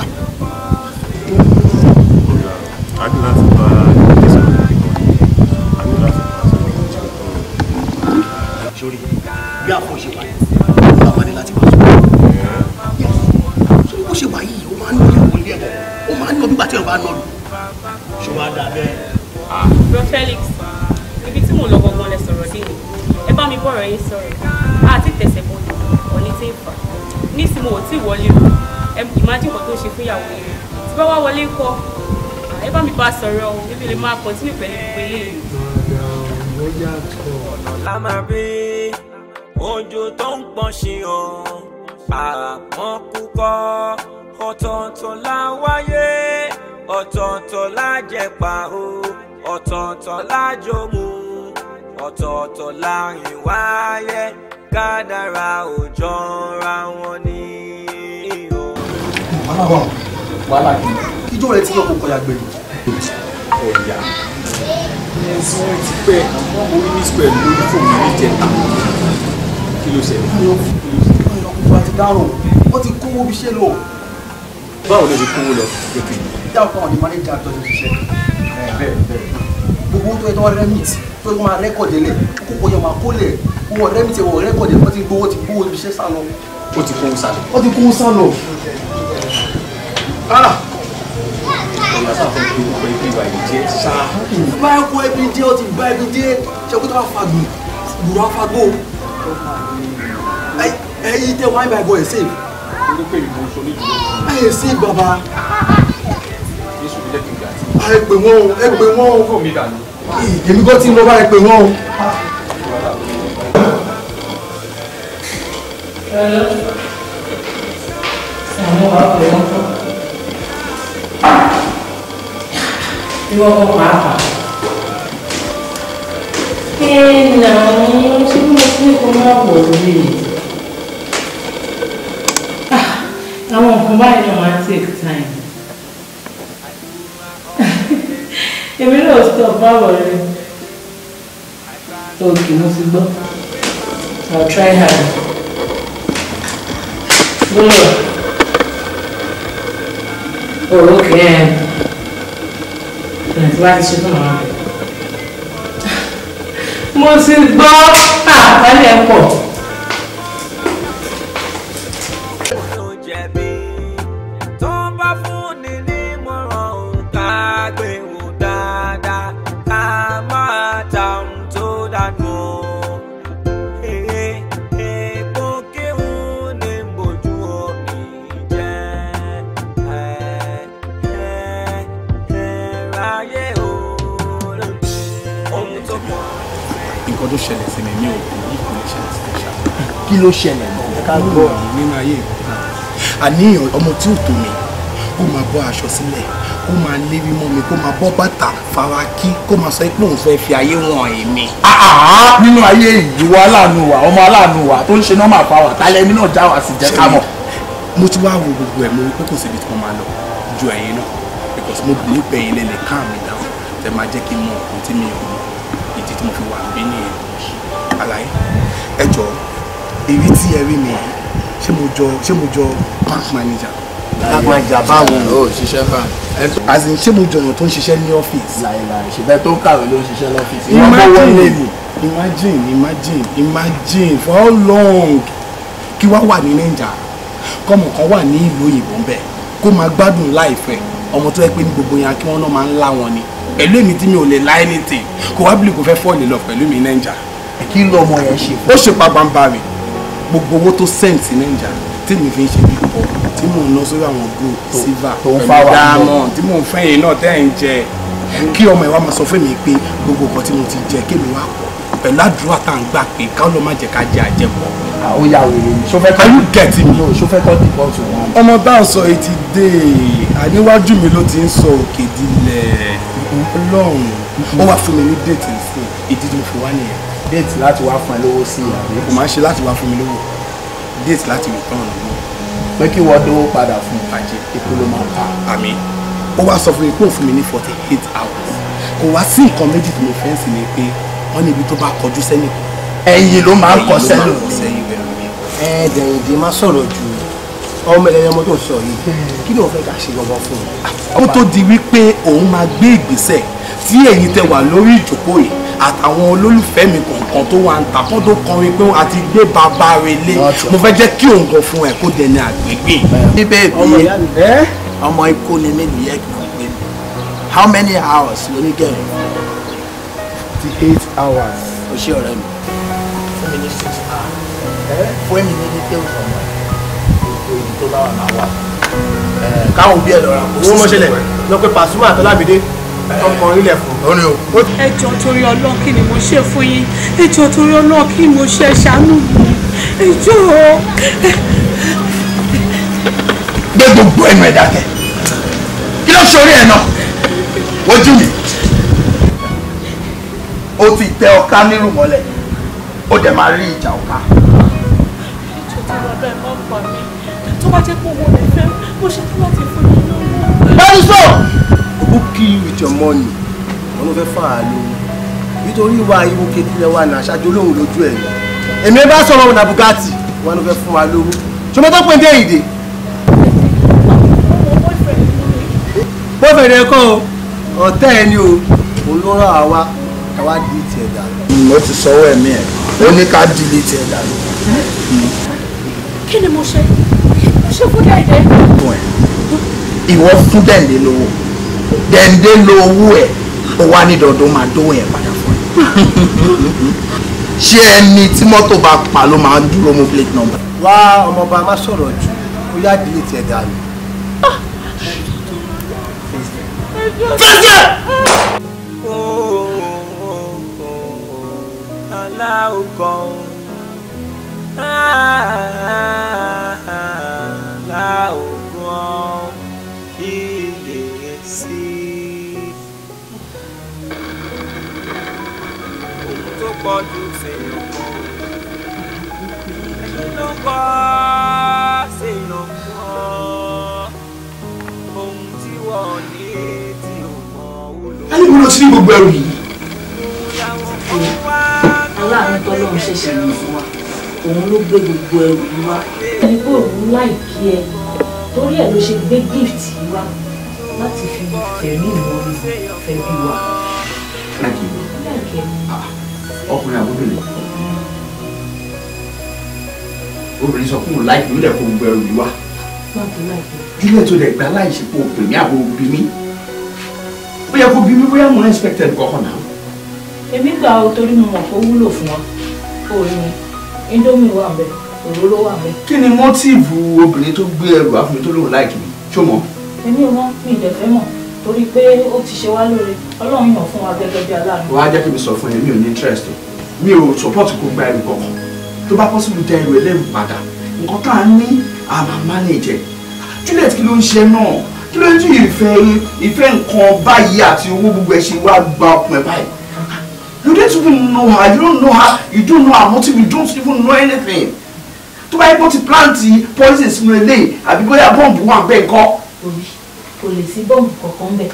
sọ̀rọ̀ o èmi lè máa kọ̀tínú pẹ̀lú gbogbo eléyìí. ọ̀rọ̀ ó yàtọ̀. ọ̀nà la rí ojú tó ń pọ́n sí ọ àpọ́n púpọ̀ ọ̀tọ̀ọ̀tọ̀ la ọ̀tọ̀ọ̀tọ̀ la o ọ̀tọ̀ọ̀tọ̀ la ọ̀tọ̀ọ̀tọ̀ la wáyé kádàrá ò jọra wọn ní wàhálà wàhálà kìí kíjọ́ rẹ ti yọ kó kọyà ọ̀yà ẹ̀sìn ti pẹ́ orí ní square lórí fòmù ní ìjẹta kí ló ṣẹlẹ̀. ọ̀yọ̀kùnrin àti dáràn wọ́n ti kówó bí ṣe lọ. báwo ló ti kówó lọ jẹ́pẹ́ yìí. ìdá ọ̀pọ̀ àwọn ni manager àtọ́jú ti ṣe gbogbo tó yẹ tó wá remit tó yẹ kó máa rẹ́kọ̀dì lẹ̀ kó kó yẹ máa kó lẹ̀ wọ remit wọ wọ́n ti ìyá sáfẹ́ kí o fẹ́ ibi ìwà ìjẹ́ ṣá. bá ẹ kó ẹbí jẹ́ ọ ti bá ẹbí jẹ́ ṣẹ́kútà fagbọ̀n bùrọ̀ fagbọ̀ ẹ̀yin tẹ wáyé báyìí bọ̀ ẹ̀ sèé. ẹ̀ sèé bàbá. ẹ pè wọ́n o ẹ pè wọ́n o. èmi kò tí mo bá ẹ pè wọ́n o. Hello. Hello. Hello ìwọ ọkọ pàápàá. ẹ nà ń ṣe bí mo ti ní kó máa pọ̀ lórí mi. Ah, àwọn nǹkan báyìí náà máa take time. èmi náà stop báwo rẹ. òkè mo ti I'll try hard. Gbọ́dọ̀. Oh, okay láti ṣe fún màmá mi. mo ti gbọ́ àbálẹ̀ pọ̀. kí ló ṣẹlẹ̀ lọ́wọ́ ká gbọ́ nínú ayé ìkọ́ta àníyàn ọmọ tí ò tó mi kó máa bọ́ aṣọ sílẹ̀ kó máa lérí mọ́ mi kó máa bọ́ bàtà fara kí kó máa sọ pé òun fẹ́ fi ayé wọn èmi. Ah, nínú ayé yìí wá wa ọmọ aláàánú wa tó ń ṣe nọ́mà pa tálẹ́ mi náà já wa sí jẹ́ mọ̀. mo ti wá wo gbogbo ẹ̀ mo rí pé kò síbi tí mo máa lọ ju ẹ̀yin náà because mo bìí pé ẹ̀yin lẹ́lẹ̀ calm me down tẹ máa jẹ́ kí n mọ ohun tí mi ò mọ ìdí tí mo fi wà bí èyí tí ẹ rí mi ṣé mo jọ ṣé mo jọ bank manager bank manager báwo ló ṣiṣẹ́ bank as in ṣé mo jọyàn tó ń ṣiṣẹ́ ní ọ́fíìsì. láìláì ṣùgbọ́n tó kàwé ló ń ṣiṣẹ́ lọ́fíìsì. imagine imagine imagine imagine for how long kí wá wà ní nàìjà kọ́mọ kan wà ní ìlú òyìnbó ń bẹ̀ kó máa gbádùn láìfẹ́ ọmọ tó yẹ pé ní gbogbo yẹn kí wọ́n náà máa ń lá wọn ni pẹ̀lú èmi tí mi ò lè lá anything kò wá bìlì kò fẹ́ fọ́ọ̀lì lọ pẹ̀lú mi nàìjà. kí lọmọ yẹn ṣe. ó ṣe pàbàǹbà rẹ̀ gbogbo owó tó send sí nàìjà tí mi fi ń ṣe pípọ̀ tí mò ń lọ sórí àwọn gold silver pẹ̀lú diamond tí mò ń fẹ́ yìí náà tẹ́ ẹ̀ ń jẹ kí ọmọ ẹ̀ wá máa sọ fún mi pé gbogbo nǹkan tí mo ti jẹ kí mi wá pọ̀ pẹ̀lú àdúrà tá à ń gbà pé ká ló má jẹ́ ká jẹ àjẹpọ̀. àwọn ìyá wèrè ni sọfẹ́ tó ayú gẹ̀tì mi. sọfẹ́ tó dìbò tó wọn. ọmọ tá à sọ etí dé àníwájú mi ló ti ń sọ òkè dilẹ̀ ọlọ́run ó wá fún mi ní déètì sí ìdí tí fi wá nìyẹn date láti wá fún ẹ lówó sí àbí kò máa ń ṣe láti wá fún mi lówó date láti return lówó pé kí wọ́n dówó padà fún ìbàjẹ́ epo ló máa ta àmì ó wá sọ fún mi pé òfin mi ní forty eight hours kò wá sí nǹkan méjì tó mo fẹ́ sí ni pé wọ́n níbi tó bá kọjú sẹ́yìn ẹ̀yìn ló máa ń kọ sẹ́yìn ẹ̀ẹ́dẹ̀yìndì má sọ̀rọ̀ jù ọmọ ẹ̀yẹ ọmọ tó ń sọ yìí hmm. kí ló ń fẹ́ ká ṣe gbọ́ngàn fún un. ó tó di wípé òun máa gbé ìgbésẹ̀ tí ẹ̀yin tẹ wà lórí ìjókòó yìí àtàwọn olólùfẹ́ mi kọ̀ọ̀kan tó wà ń ta kán tó kọrin pé a ti gbé bàbá rẹ̀ lé mo fẹ́ jẹ́ kí òun gan fún ẹ kó dẹni àgbègbè. níbẹ̀ bí ọmọ ikú ni mí nìyẹn kan pé how many hours ló ní gẹ̀rẹ́. forty eight hours. o ṣe ọ̀rẹ́ mi fún mi ní six hours fún mi ní details ọ̀mọ́ èyí tó bá wà náà wà káwọn òbí ẹ̀ lọ́ra kó sí sí ìwé. wọ́n mọ̀ ṣẹlẹ̀ lọ pé Pasuma tọkọ ilẹ̀ fún lórí o. ẹ jọ̀ọ́ torí Ọlọ́run kí ni mo ṣe fún yín ẹ jọ̀ọ́ torí Ọlọ́run kí ni mo ṣe ṣàánú mi ẹ jọ̀ọ́. gbé gbogbo ẹnu ẹ̀ dákẹ́ kí ló ṣorí ẹ̀ náà ojú mi ó ti tẹ ọká nírú mọ́lẹ̀ ó dẹ̀ máa rí ìjà ọká. ìjọ tí wọn bẹ máa ń pa mí tó bá jẹ́ pé owó rẹ̀ fẹ́ mo ṣe fún láti fún yín lọ́wọ́. bá sọ book you with your money wọn ló fẹ́ fà á lówó nítorí ìwà ìwò kékeré wa náà ṣáájú olóhùn lójú ẹ̀ lọ èmi bá sọ̀rọ̀ ọ̀nà bugatti wọn ló fẹ́ fún wa lówó ṣọmọ tó pè dé ìdè. bófèrè kọ́ o ọ̀tẹ́ ẹni o òun ló rán àwa àwa di tiẹ̀ dànù. mo ti sọwọ́ ẹ̀mí ẹ̀ ó ní ká dìlì tiẹ̀ dànù. kí ni mo ṣe mo ṣe fún dẹ́ẹ̀dẹ́. ìwọ fún dẹ́ẹ̀dẹ́ lówó. Then dẹ̀ǹdé lo owó ẹ̀ ó wá ní dandan máa dówó yẹn padà fún ẹ ṣé ẹni tí mọ́tò bá pa ló máa ń dúró mú plate number. wá ọmọọba má sọ̀rọ̀ jù ó yá dílé tiẹ̀ dànù. fẹsẹ̀. aláwọ̀ kan ah, aláwọ̀. pọ̀jù sèèyàn kan èyí ló pọ̀ sèèyàn kan ohun tí wọ́n ní tí ò mọ̀ ó lò. ayé mi ló ti ní gbogbo ẹrù yìí. aláàánú tọ́lọ́run ṣẹ̀ṣẹ̀ ní fún wa òun ló gbé gbogbo ẹrù yìí wá. ẹni kò rú láìkí ẹ torí ẹ ló ṣe gbé gift yìí wá láti fi fẹ̀mí ìmọ̀ mi fẹ́ bí wa ọkùnrin àbúbìnrin obìnrin sọ fún un láìpẹ́ ó dẹ̀ kó gbogbo ẹrù mi wá júlẹ̀ tó dẹ̀ gbà láìsèpò pè mí àbò bí mi bóyá kó bí mi bóyá mo expected kọ̀ọ̀kan náà. èmi gbà ó torí mo mọ̀ kó wúlò fún ọ kó o ní indomie wà mẹ́ òróró wà mẹ́. kí ni mọ́tìfù obìnrin tó gbé ẹrù àfúnmi tó lóun láìpẹ́ mi ṣó mọ́. èmi ò mọ̀ mi ì dẹ̀ fẹ́ mọ̀ torí pé ó ti ṣe wá lóore ọlọ́run yàn fún wa gẹ́gẹ́ bí aláàánú. wàá jẹ́ kí mi sọ fún ẹ mi ò ní interest mi ò support kó gba ẹrù kọ̀ọ̀kan tó bá possible da ẹrù ẹlẹ́rù padà nǹkan tá a ní àmà manage Juliet kí ló ń ṣe náà kí ló ń tún ìfẹ́ ìfẹ́ nǹkan báyìí àti owó gbogbo ẹ̀ ṣe wá gba ọkùnrin báyìí you don't even know her you don't know her you don't know her motive you don't even know anything tó bá yẹ kó ti plant poison sínú eléyìí àbí bóyá bọ́ǹbù wà bẹ́ẹ̀ kọ́ kò lè sí bọ́ọ̀mù kankan bẹ̀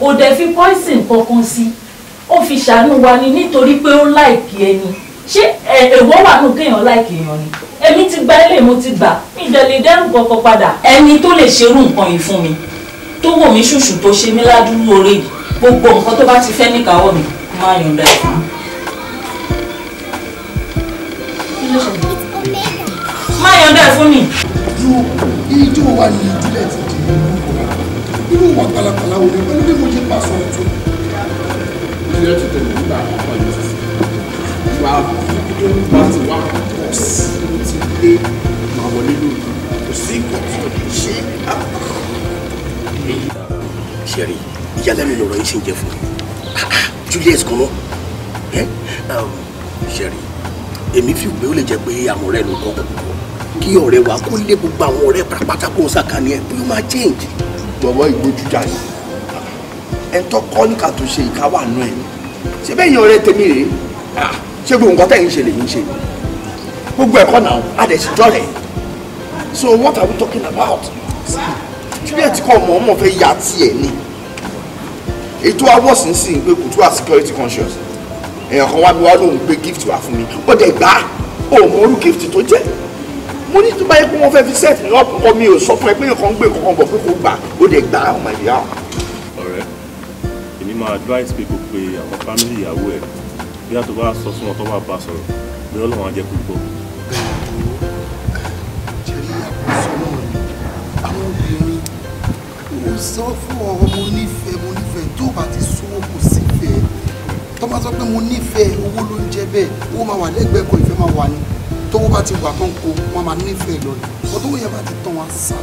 kò dẹ̀ fi poison kankan sí ó fi ṣàánú wa ni nítorí pé ó láìkí ẹni ṣé èèwọ̀ wà nù kéèyàn láìkí èèyàn ni èmi ti gba ilé mo ti gbà mi lè dẹ́rù kankan padà ẹni tó lè ṣerú nǹkan yìí fún mi tó wò mí ṣùṣù tó ṣe mí ládùúgbò rè gbogbo nǹkan tó bá ti fẹ́ níkàáwọ́ mi máa yọ̀ǹda ẹ̀ fún mi. máa yọ̀ǹda ẹ̀ fún mi. ju ijó wa nìyí irú ìwà kàlàkàlà wo ni pẹ̀lú bí mo ṣe bá sọ̀rọ̀ tó. ẹni ọtí tẹ̀lé nígbà àkọ́kọ́ yìí ti wá wá ti wá pọ̀ sí ti dé máa wọlé lóru kò sí nǹkan tí o lè ṣe. ṣeré ìyàlẹ́nu lọ̀rọ̀ yìí ṣe ń jẹ́ fún mi Juliet kan náà um, ṣeré èmi fi pé ó lè jẹ́ pé àwọn ọ̀rẹ́ ló kọ́ kí ọ̀rẹ́ wa kó lé gbogbo àwọn ọ̀rẹ́ pátákó sàkání ẹ̀ bí ó máa change jọ̀wọ́ ìgbójújà ni ẹ̀ ń tọ́ kọ́níkà tó ṣe ìka wà nù ẹ̀ ṣé bẹ́ẹ̀ yan ọ̀rẹ́ tèmi rèé ṣé gbogbo nǹkan tẹ̀yìn ṣe lèyìn ṣe gbogbo ẹ̀kọ́ náà á dẹ̀ ṣe jọ́rẹ̀ so what are we talking about juliet kọ́ ọmọ ọmọ fẹ́ ya tiẹ̀ ni ètò awọ́ sì ń sìn pé kò tó wà security conscious èèyàn kan wá mi wá lóhùn pé gift wà fún mi ó dẹ̀ gbà òun orú gift tó jẹ́ mo ní ìtumọ̀ yẹn pé wọ́n fẹ́ fi sẹ́ẹ̀tì ní ọ̀pọ̀ mi ò sọ fún ẹ pé nǹkan ń gbé nǹkan bọ̀ pé kò gbà ó dẹ̀ gbà àwọn ọmọ ìyá. ọ̀rẹ́ èmi máa advice pé kò pe àwọn family ìyàwó ẹ̀ bí a tó bá sọ fún wọn tó máa bá a sọ̀rọ̀ bí ọlọ́run á jẹ́ kó gbọ́. àwọn obìnrin mo sọ fún ọ mo nífẹ̀ẹ́ mo nífẹ̀ẹ́ tó bá ti sọ́wọ́ kò sífẹ̀ẹ́ tó bá sọ pé mo nífẹ̀ẹ́ owó ló ń jẹ bẹ́ẹ̀ owó máa wà lẹ́gbẹ̀ẹ́ kan ìfẹ́ máa wà ní tówó bá ti wà kán kó wọn máa nífẹ̀ẹ́ lọ wọn tówó yẹn bá ti tán wọn sá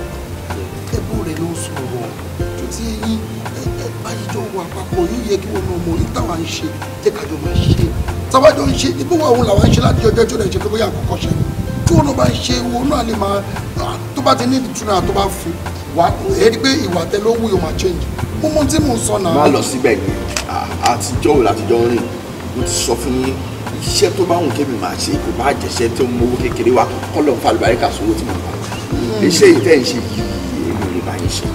ẹbú rẹ ló ń sọ̀rọ̀ tó ti yín báyìí jọ wà papọ̀ yín yẹ kí wọn mọ ọmọ yìí táwa ń ṣe jẹ́ kájọ máa ṣe táwájọ ń ṣe ibú wa òun làwa ń ṣe láti ọjọ́ tó rẹ̀ ṣe pé bóyá àkọ́kọ́ ṣe tí wọn bá ń ṣe owó náà lè máa tó bá ti ní ìtura tó bá fún wa èyí pé ìwà tẹ ló wúyọ máa change mo mọ tí mò ń sọ náà. má lọ síbẹ̀ àtijọ́ òun àtijọ́ rìn mo ti sọ fún yín iṣẹ́ tó bá wù kémi máa ṣe kò bá jẹ̀ṣẹ́ tó ń mówó kékeré wa kọ́lọ̀ ń fa àlùbáríkà sówó tí mo bá iṣẹ́ yìí tẹ̀ ń ṣe yìí èmi lè bá yín ṣe.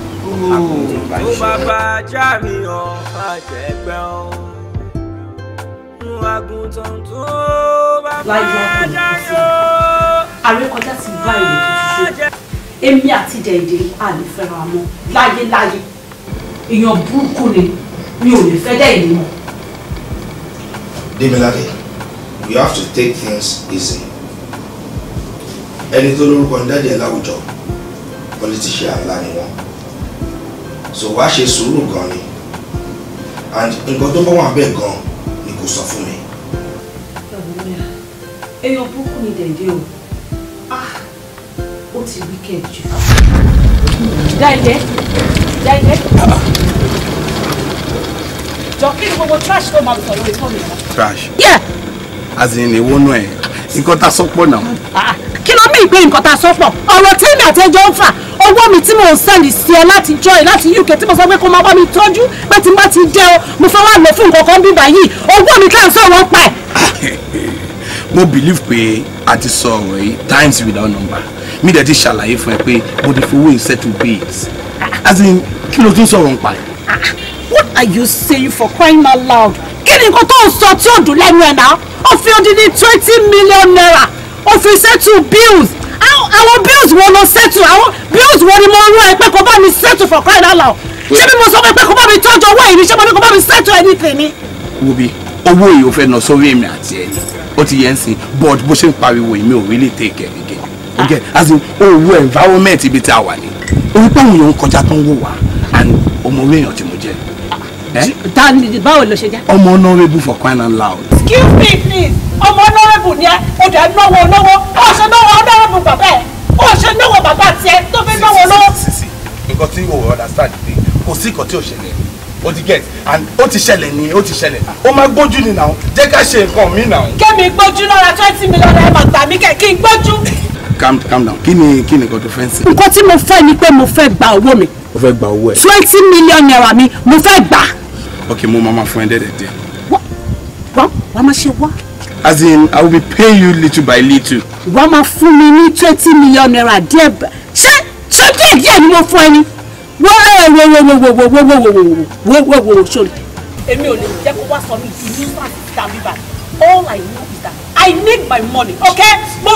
ó bá bá ajá mi hàn bàjẹ́ pẹ́ ọ́ àgùntàn tó bá bá ajá yó. àrékọjá ti bá ìlú tuntun ṣe èmi àti dẹ̀dẹ̀ àlè mọ́ láyéláyé èèyàn burúkú ni mi ò lè fẹ́ dẹ́ ìlú mọ́. Démiládé you have to take things easy ẹni tó lórúkọ ní dájẹ́ láwùjọ politician ńlá ni wọ́n so wá ṣe sùúrù gan ni and nǹkan tó bá wà bẹ́ẹ̀ gan ni kò sọ fún mi. èèyàn burúkú ni dẹ̀dẹ̀ o ah, ó ti wíkẹ̀d jù. dáìdẹ́ dáìdẹ́ jọ kí ni gbogbo trash tó máa sọ lórí fóònù yẹn. trash. yeah azìnrìn èwo nù ẹ̀ nǹkan tá a sọ pọ̀ náà. Ah, kí ló mìíràn pé nǹkan tá a sọ pọ̀ ọ̀rọ̀ tẹ́lẹ̀ àtẹ́jọ́ ń fà owó mi tí mò ń sẹ́ndì sí ẹ láti jọ ẹ láti UK tí mo sọ pé kó máa bá mi tọ́jú pé tí n bá ti dẹ́ o mo fẹ́ wá lọ fún nǹkan kan bíbá yìí owó mi tá à ń sọ̀rọ̀ pa mo believe pé a ti sọ ọ̀rọ̀ times without number mi dẹ̀ ti ṣàlàyé fún ẹ pé mo ti fowó settle bills as in kí ló tún sọ̀rọ̀ ń pa ah, What are you saying for crying out loud? kí ni nǹkan tó ń sọ tí ò dùn lẹ́nu ẹ̀ náà ó fi odidi twenty million naira ó fi settle bills àwọn bills wo ló settle àwọn bills wo ni mo rún ẹ pé kò bá mi settle for crying out loud ṣé bí mo sọ pé kò bá mi tọ́jú owó yìí ni ṣé mo ní kò bá mi settle anything ni. wo bi owó yìí o fẹ́ nà sórí èmi àti ẹni ó ti yẹ ń sìn but bó ṣe ń pariwo èmi ò really take it again okay as in owó environment ibi tí a wà ní orí pé àwọn èèyàn kọjá tó ń wò wá and ọmọ orí èèyàn ti mọ Eh? báwo ló ṣe jẹ́. ọmọ honourable for crying out loud. excuse me please ọmọ honourable ni ẹ o dẹ̀ náwó lọ́wọ́ ó ṣe náwó honourable bàbá ẹ̀ ó ṣe náwó bàbá tiẹ̀ tó fi náwó lọ́wọ́. sisi nǹkan tí o understand ni kò sí nǹkan tí o ṣẹlẹ̀ o ti get and o ti ṣẹlẹ̀ ni o ti ṣẹlẹ̀ o máa gbójú ni now jẹ́ ká ṣe nǹkan mi now. kémi gbójú lọ́ra twenty million naira gbà mí kẹ́ kí n gbójú. calm calm down kí ni kí ni nǹkan tó fẹ́ ṣe. nǹkan tí mo fẹ́ ni pé mo fẹ́ gba owó mi. mo fẹ́ gba owó ẹ. twenty million naira mi mo fẹ́ gbà. Okay, mo mama friend there. What? What? What must you what? As in, I will be paying you little by little. Wá máa fún mi ní twenty million naira díẹ̀ ṣé ṣé díẹ̀ díẹ̀ ni mo fún ẹ ni? Wọ́n ẹ̀ wò wò wò wò wò wò wò wò wò wò wò wò sórí. Èmi ò lè All I know is that I need my money, okay? Mo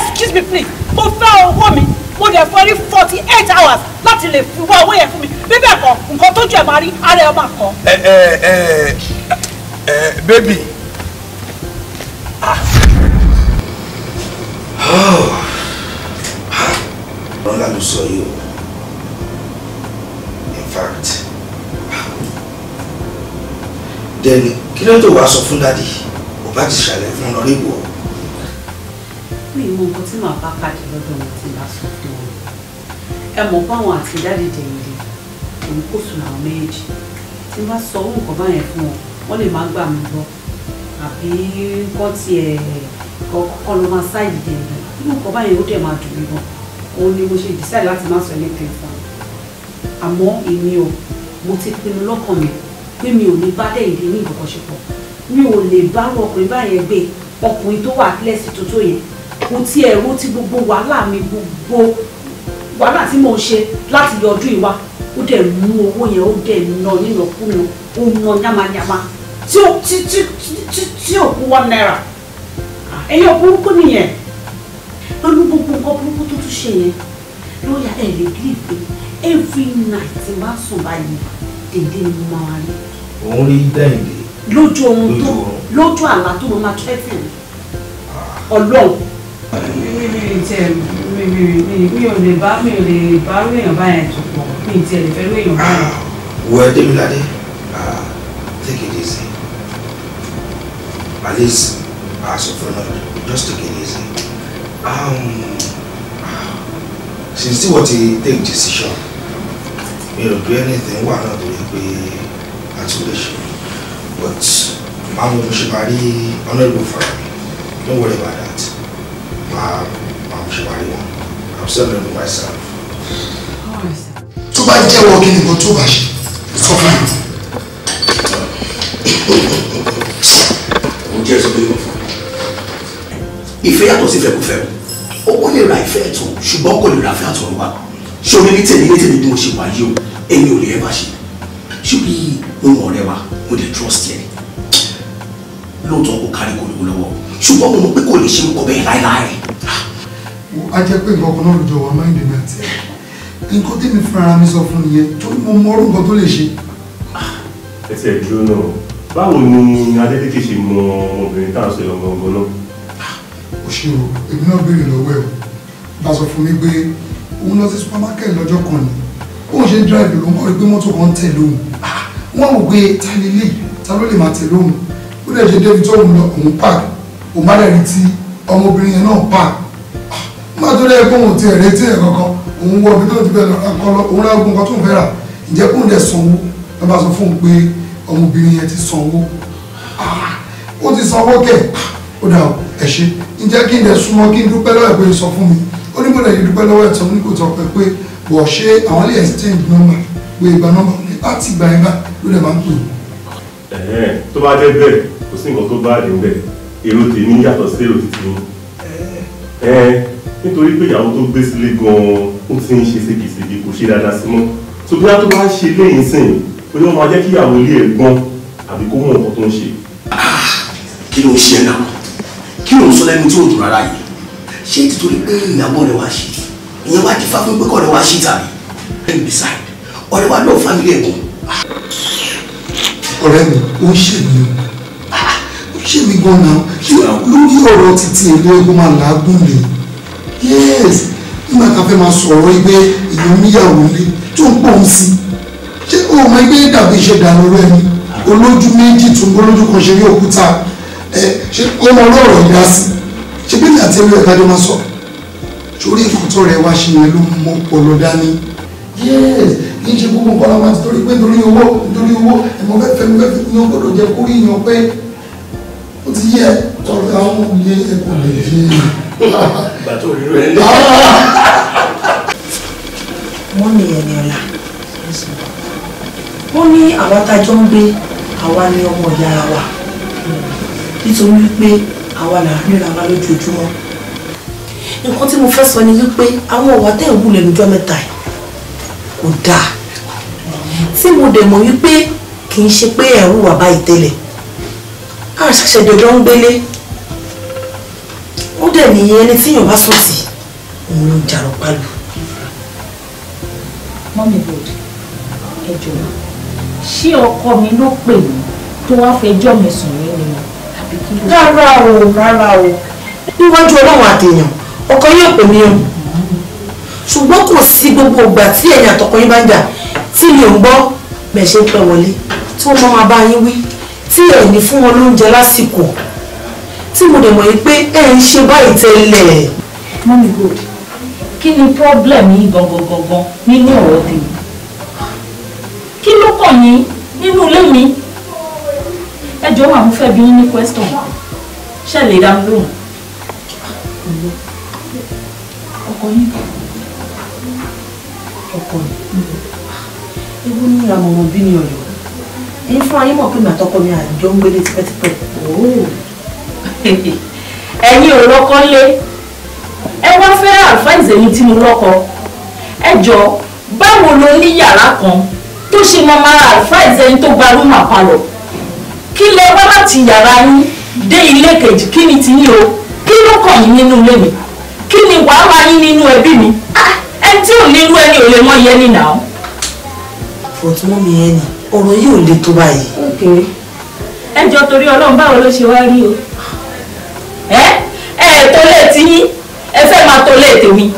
excuse me please, mo woman mo dẹ̀ fún ẹ ní forty eight hours láti lè fi wá owó yẹn fún mi bí bẹ́ẹ̀ kọ́ nǹkan tó jù ẹ̀ máa rí ara ẹ̀ máa kọ́. ẹ ẹ ẹ ẹ bébì. wọ́n lálù sọ yìí o in fact then kí ló tó wàá sọ fún dádì ò bá ti ṣàlẹ̀ fún ọ lórí ìwọ. mi ò mọ nǹkan tí màá bá pàdé lọ́dọ̀ mi tí màá sọ fún ẹ mọ̀ fáwọn àti dáàdì dèyìndé òun kò sùn àwọn méjì tí wọ́n sọ ohun kan báyẹn fún wọn wọ́n lè má gbà mí gbọ́ àbí kọ́ tiẹ̀ kọ́ ló máa ṣáàyè dèyìndé inú kan báyẹn ó dẹ̀ máa dùn mí gan òun ni mo ṣe decide láti má sọ anything fún un àmọ́ èmi o mo ti pinnu lọ́kàn mi pé mi ò ní bá dèyìndé ní ìkọ̀kọ̀ ṣe pọ̀ mi ò lè bá ọkùnrin báyẹn gbé ọkùnrin tó wà kílẹ̀sì tó tó yẹn kò tiẹ̀ ro ti gbogbo wàhálà mi gbogbo wàhálà tí mò ń ṣe láti yọ ọdún ìwá ó dẹ̀ mú owó yẹn ó dẹ̀ nà nínàkúnà ó nà yamayama tí ó tí tí tí tí ò kú one naira ẹ̀yin òkúrúkú nìyẹn lọ́nú gbogbo nǹkan burúkú tó tún ṣe yẹn lóyà ẹ̀ lè bí ìpè every night tí máa sùn báyìí dèdè ni mo máa rí. òun rí dẹ́yìn lójú oorun tó lójú àlá tó mo máa tẹ́tẹ̀ ọlọ́run mi mi mi tiẹ̀ mi mi mi mi ò lè bá mi ò lè bá rú èèyàn báyẹn tó pọ̀ mi tiẹ̀ lè fẹ́ rú èèyàn báyẹn. wọ ẹ Démiládé take it easy at least as ah, of now just take it easy um, ah, since tí wọ́n ti take decision mi ò do anything wà náà tó yẹ pé a tún lè ṣe but máa mú mo ṣe máa rí honourable Farabi don't worry about that máa máa i'm sorry myself. tó bá jẹ́wọ́ kí ni nǹkan tó bá ṣe sọ fún mi. òun jẹ́ ìsọ̀bí yóò fún ìfẹ́ yàtọ̀ sí ìfẹ́kùfẹ́ o owó lè ra ìfẹ́ ẹ̀tọ́ ṣùgbọ́n kò lè ra ìfẹ́ àtọ̀run wa ṣòro ní tèmi ní tèmi bí mo ṣe wà yìí o èmi ò lè ẹ bá ṣe ṣùgbọ́n ohun ọ̀rẹ́ wa mo lè trust yẹn lóòótọ́ kò kárí kò lówó lọ́wọ́ ṣùgbọ́n mo mọ̀ pé kò lè ṣe ń kọ bẹ́ẹ̀ láéláé a jẹ́ pé nǹkan kan náà jọ wà máa ń dènà àti ẹ̀ nǹkan tẹ́mi fúnra mi sọ fún nìyẹn torí mo mọ orúkọ tó lè ṣe. Ah, ẹ ti ẹ̀ dúró náà báwo ni Adélékè ṣe mọ ọmọbìnrin tá à ń sọ ìyọ̀ gangan náà. Ah, ó ṣe o èmi náà béèrè lọ́wọ́ ẹ̀ o bá sọ fún mi pé òun lọ sí supermarket lọ́jọ́ kan ni òun ṣe ń dráìbì ló ń kọ́ rí pé mọ́tò kan ń tẹ̀ lóhùn ah, wọ́n ò gbé ta ta ló lè máa tẹ̀ lóhùn ó dẹ̀ ṣe débi tó òun lọ òun pààrọ̀ má tó lẹ́yìn pé òun ti ẹ̀rẹ́ tí ẹ̀ kankan òun wọ ibi tó ti bẹ̀rẹ̀ akọlọ òun náà gun nǹkan tó ń fẹ́ rà ǹjẹ́ kóun dẹ̀ sanwó ló bá sọ fún un pé ọmọbìnrin yẹn ti sanwó ah, ó ti sanwó kẹ̀ ah, ó dà ẹ̀ ṣe ǹjẹ́ kí n dẹ̀ súnmọ́ kí n dúpẹ́ lọ́wọ́ ẹ̀ pé sọ fún mi ó ní gbọ́dọ̀ yìí dúpẹ́ lọ́wọ́ ẹ̀ tán ní kò tọ́ pé pé bọ̀ ṣé àwọn lè exchange number pé ìgbà number ní láti ìgbà yẹn bá ló dẹ̀ máa ń pè. tó bá nítorí pé ìyàwó tó gbé sílé gan-an ó ti ń ṣe ségesège kò ṣe dáadáa sí mọ́ tó bí wọ́n tó bá ń ṣe lẹ́yìn sìn ó yọ máa jẹ́ kí ìyàwó ilé ẹ̀ gbọ́n àbí kó mọ̀ nǹkan tó ń ṣe. kí ló ń ṣe náà kí ló ń sọ lẹ́nu tí ò dùn rárá yìí ṣé nítorí pé ìyàwó rẹ̀ wá ṣe ìyẹn wá dífá fún pé kọ́ rẹ̀ wá ṣe tàbí and beside ọ̀rẹ́ wa lọ́ọ̀ fámìlì ẹ̀gbọ́n. ọ̀rẹ́ mi ó ń ṣe mí ó ń ṣe mí gan-an lórí ọ̀rọ̀ títí ẹ̀gbọ́n máa làágùn lè yes nígbà tá a fẹ́ máa sọ̀rọ̀ ẹgbẹ́ èèyàn níyàwó ilé tó ń pọ̀ ń sí ṣé o mọ ẹgbẹ́ dàbí ṣe dànù rẹ ni olójú méjì tún olójú kan ṣe ní òkúta ẹ ṣé o mọ ọlọ́rọ̀ ìdá sí ṣé bí àti ẹgbẹ́ ẹ̀ka jọ máa sọ torí nǹkan tó rẹ wá ṣe yẹn ló mọ ọpọlọ dání yes kì í ṣe gbogbo nǹkan láwọn àti torí pé torí owó torí owó ẹ̀mọ́ fẹ́ fẹ́ fẹ́ ní o gbọ́dọ̀ jẹ́ kórìyàn pé ó ti yẹ tọrọ àwọn òye ẹ̀kọ́ lè fi bàtò rírọ ẹ lé. wọ́n ní ẹni ọ̀la wọ́n ní àwa tá a jọ ń gbé àwa ni ọmọ ìyá wa nítorí wípé àwa là ń ríra wa lójoojúmọ́ nǹkan tí mo fẹ́ sọ ni wípé àwọn ọ̀wá tẹ̀ ń wúlẹ̀ lọ́jọ́ mẹ́ta yìí kò dáa tí mo dẹ̀ mọ̀ wípé kì í ṣe pé ẹ̀rù wà báyìí tẹ́lẹ̀ àṣàṣẹ̀dọ̀dọ̀ ń gbélé dẹ̀ nìyẹn ẹni tí yàn bá sùn sí òun ló ń jarọ pálù. mọ́mí bòdì ẹ jọ̀wọ́ ṣé ọkọ mi ló pè mí tó wá fẹjọ́ mi sùn mí ni mo àbí kí ló. rárá o rárá o níwájú ọlọ́run àtèèyàn ọkọ yóò pè mí o ṣùgbọ́n kò sí gbogbo ìgbà tí ẹ̀yin àtọkọ yín bá ń jà tí mi ò ń gbọ́ bẹ́ẹ̀ ṣe ń pẹ́ wọlé tí wọ́n máa bá yín wí tí ẹ̀ fún wọn lóúnjẹ lásìkò tí mo dẹ̀ mọ̀ yìí pé ẹ ń ṣe báyìí tẹ́lẹ̀. mọ́mí good kí ni problem yìí gangan gangan nínú ọ̀rọ̀ tèmi kí ló kàn yín nínú ilé mi ẹ jọ̀wọ́ àwọn fẹ́ bí yín ní question ṣe lè dá mi lóhùn ọkọ yín ọkọ yín ewu ní ìlànà ọmọ bí ní ọyọ èyí fún ayé mọ̀ pé màtọkọ mi àjọ ń gbélé tipẹ́tipẹ́ ooo. ẹ̀yin ò lọ́kọ lé ẹ wá fẹ́ àlùfáìsì èmi tí mo lọ́kọ ẹ jọ báwo lo ní yàrá kan tó ṣe mọ mara àlùfáìsì ẹni tó gba rúmà palọ̀ kí lẹ wá láti yàrá yín dé ilé kejì kí ni tiyín o kí ló kàn yín nínú ilé mi kí ni wàhálà yín nínú ẹbí mi ah, ẹni tí ò nírú ẹni ò lè mọ yẹn nínà o. fòtún mi ẹni ọ̀rọ̀ yìí ò le tó báyìí. ẹ jọ torí Ọlọ́run báwo ló ṣe wá rí o ẹ̀ tó lè ti yín ẹ fẹ́ máa tó lè tèmi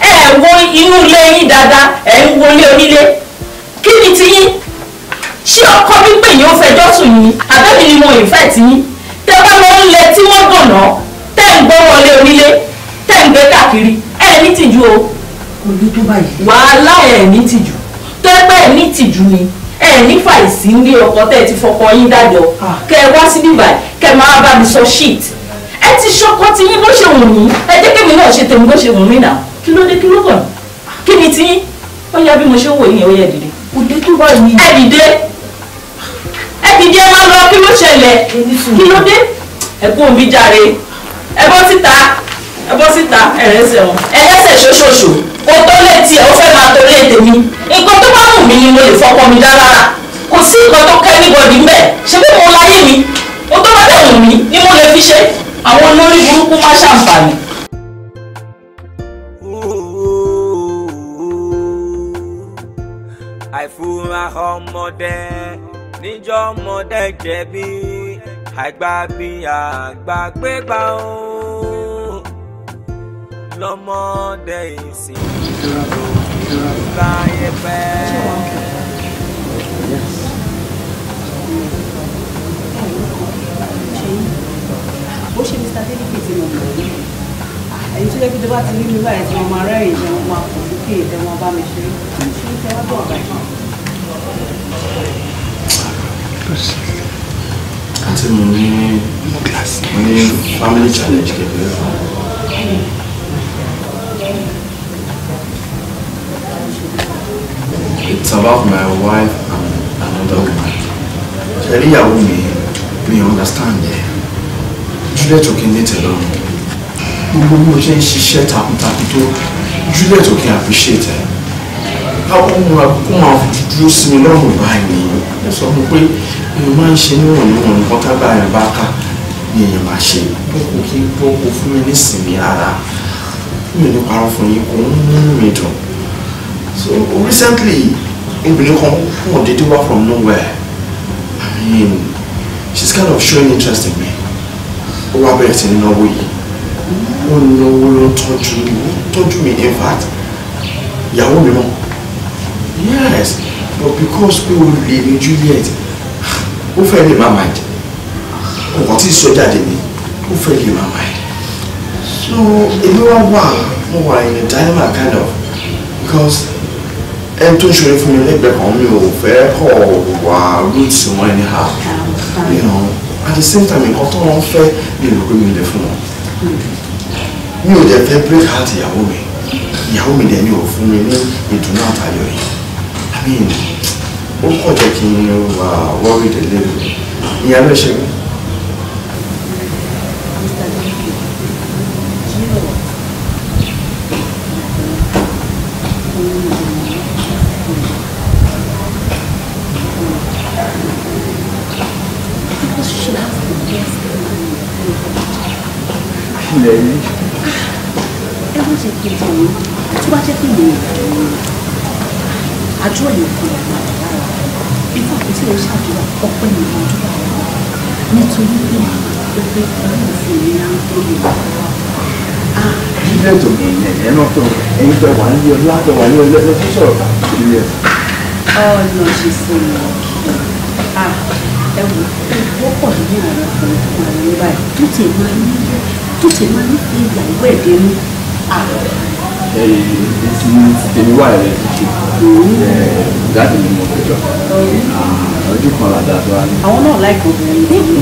ẹ ẹ̀ wo inú ilé yín dáadáa ẹ̀ ń wọlé onílé kí ni ti yín ṣé ọkọ mi pè yín ó fẹjọ́ sùn yín àbẹ́mi ni mo ìfẹ́ ti yín tẹ bá lọ ń lẹ tí wọ́n gànà tẹ̀ ń gbọ́ wọlé onílé tẹ̀ ń gbé káàkiri ẹ̀ ní tìjú o wàhálà ẹ̀ ní tìjú tó ẹgbẹ́ ẹ̀ ní tìjú ni ẹ ní fàìsí ní ọkọ tẹ́ ti fọkọ yín dájọ ah. kẹ wá sí níbàyí kẹ máa bá mi sọ shit ẹ ti ṣọkọ tí yín bó ṣe wù yín ẹ jẹ́ kémi náà ṣe tèmi bó ṣe wù mí nà kí ló dé kí ló kàn kí ni tí ó yá bí mo ṣe ń wò yín ó yẹ dìde. òde tó bá yìí. ẹ dìde ẹ dìde ẹ má lọ kí ló ṣẹlẹ̀ kí ló dé ẹ omi jàre ẹ síta ẹ síta ẹ wọn. ẹ ṣoṣooṣo o tó lé tiẹ̀ o fẹ́ máa tó lé tèmi nǹkan tó bá wù mí ni mo lè fọkọ mi dá rárá kò sí nǹkan tó kẹ́ níbọ̀dì ń bẹ̀ ṣe bí mo láyé mi mo tó bá dẹ̀ wù mí ni mo lè fi ṣe àwọn olórí burúkú má ṣàǹfààní. àìfura ọmọdé níjọ́ ọmọdé jẹ̀bi àgbà bí àgbà gbégbá o lọ́mọdé ìsìn ìdúró láyé pẹ́. bá ti rí mi báyìí tí wọ́n máa rẹ́rìn jẹ́ wọ́n máa kò lókè ìfẹ́ wọn bá mi ṣe ṣe tẹ́ wá bọ̀ báyìí. àti mo ní mo ní family challenge kékeré It's about my wife and another woman. ṣe rí ìyàwó mi mi understand ẹ̀. Juliet Okinle tẹ̀ lọ́rùn gbogbo bí o ṣe ń ṣiṣẹ́ takuntakun tó Juliet ò kí káwọn ohun àkókò máa dúró sí mi lọ́rùn báyìí ẹ sọ fún pé èèyàn máa ń ṣe níwọ̀n níwọ̀n nǹkan tábà yẹn bá ká ni èèyàn máa ṣe bọ́kù kí bọ́kù fún mi nísìnyí rárá mi ò ní parọ́ kò ń mú mi dùn so recently obìnrin kan pọ̀ dédé wá from nowhere I mean she's kind of showing interest in me ó wá bẹ̀rẹ̀ sí ní náwó yìí ó ní owó ló tọ́jú mi ó tọ́jú mi in fact ìyàwó mi mọ̀ yes but because pé o lè ní Juliet ó fẹ́ lè má máa jẹ ọkọ̀ tí sọ jáde ni ó fẹ́ lè má máa so èmi wá wà mo wà in a dilemma kind of because ẹni tó ń ṣòro fún mi lẹ́gbẹ̀ẹ́ kan mi ò fẹ́ kọ̀ wá roots wọn anyhow you know at the same time nǹkan tó wọn fẹ́ mi ò pé mi lè fún wọn. Hmm mi ò dẹ̀ fẹ́ break heart ìyàwó mi ìyàwó mi dẹ̀ ni ò fún mi ní ìdùnnú àtayọ̀ yìí i mean ó kàn jẹ́ kí n wà worried a little bit ìyá ló ṣe mí. Yeah gidi tó bá jẹ́ pé ìlú àjọ yìí kò yà máa dára ipa kò ṣàdúrà ọpẹ́ mi máa dúrà wà nítorí pé ó pé ọlọ́run fún mi náà ń gbé mi. Jíjẹ́ tó mọ̀ ní ẹ̀yẹ́ náà tó ẹ̀yin tó wà ní ọlá tó wà ní ọlá tó sọ̀rọ̀ ìrẹ̀. Ọ̀nà ṣe sí mi ẹ wò ó pọ̀ nínú àwọn ọkùnrin tó wà ní báyìí tó tẹ̀ máa ní tó tẹ̀ máa ní ìyàwó ẹ̀dẹ́ ti ah. tèmi wà rẹ̀ ti ṣe jáde àwọn náà láì kó bẹ̀rẹ̀ ní. ilé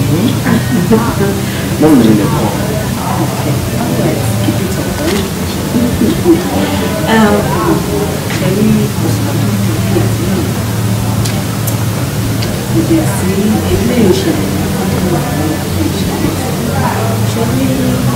ìṣẹ̀lẹ̀ ní ọdún ìṣẹ̀lẹ̀.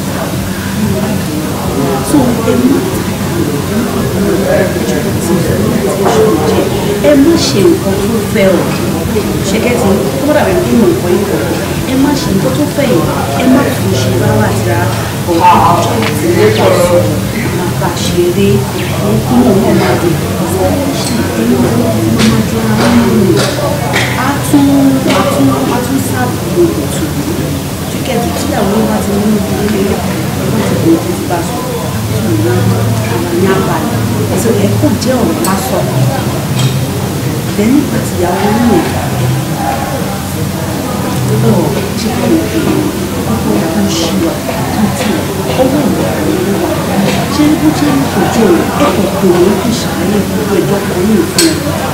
so èmi ẹ má ṣe nǹkan tó fẹ́ o ṣẹkẹ́tì tó bá dàbí nínú nǹkan yìí kọ̀ ẹ má ṣe nǹkan tó fẹ́ yìí ẹ má fi ṣe rárá àti rárá ọ̀rọ̀ ọjọ́ ìtì lẹ́kọ̀ọ́ sọ máa bá ṣe eré nínú ọmọ máa dùn ọ̀sẹ̀ ṣe ìdílé ọmọ máa dùn ara nínú a tún a tún a tún sáàbù lòdì tù ṣẹkẹ́tì tí àwọn bá ti mú ìdílé ìwé tí ti bá sọ tí mo ní àwọn ní àbálẹ ẹsẹ ẹ kò jẹ ọ̀rọ̀ lásọ lẹ́yìn ìgbà tí ìyàwó ń lò ọ ṣe kí ni èèyàn ọkọ ìyàwó ṣì wà títí ọwọ́ ìwà ìlú wa ṣé bó ṣe ń tọ́jú rẹ ẹkọ gbòòrò kù sàárẹ gbogbo ẹjọ́ kan ní ìfún ẹ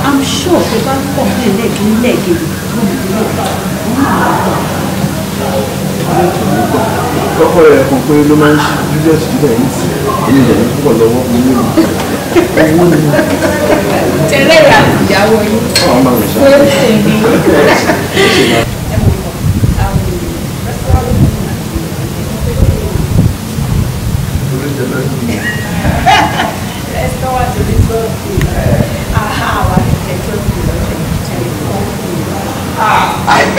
i'm sure tó bá pọ̀ bẹ́ẹ̀ lẹ́ẹ̀kejì lẹ́ẹ̀kejì lóbi lóbi wọn máa wà student ò ní rẹ̀ kan pé ló máa ń ṣe julius julius yìí sí ilé ìjẹ̀ púpọ̀ lọ́wọ́ mi ní ìlú owó ni. tẹ̀lé ìyàwó yìí. ọ̀ máa sọ.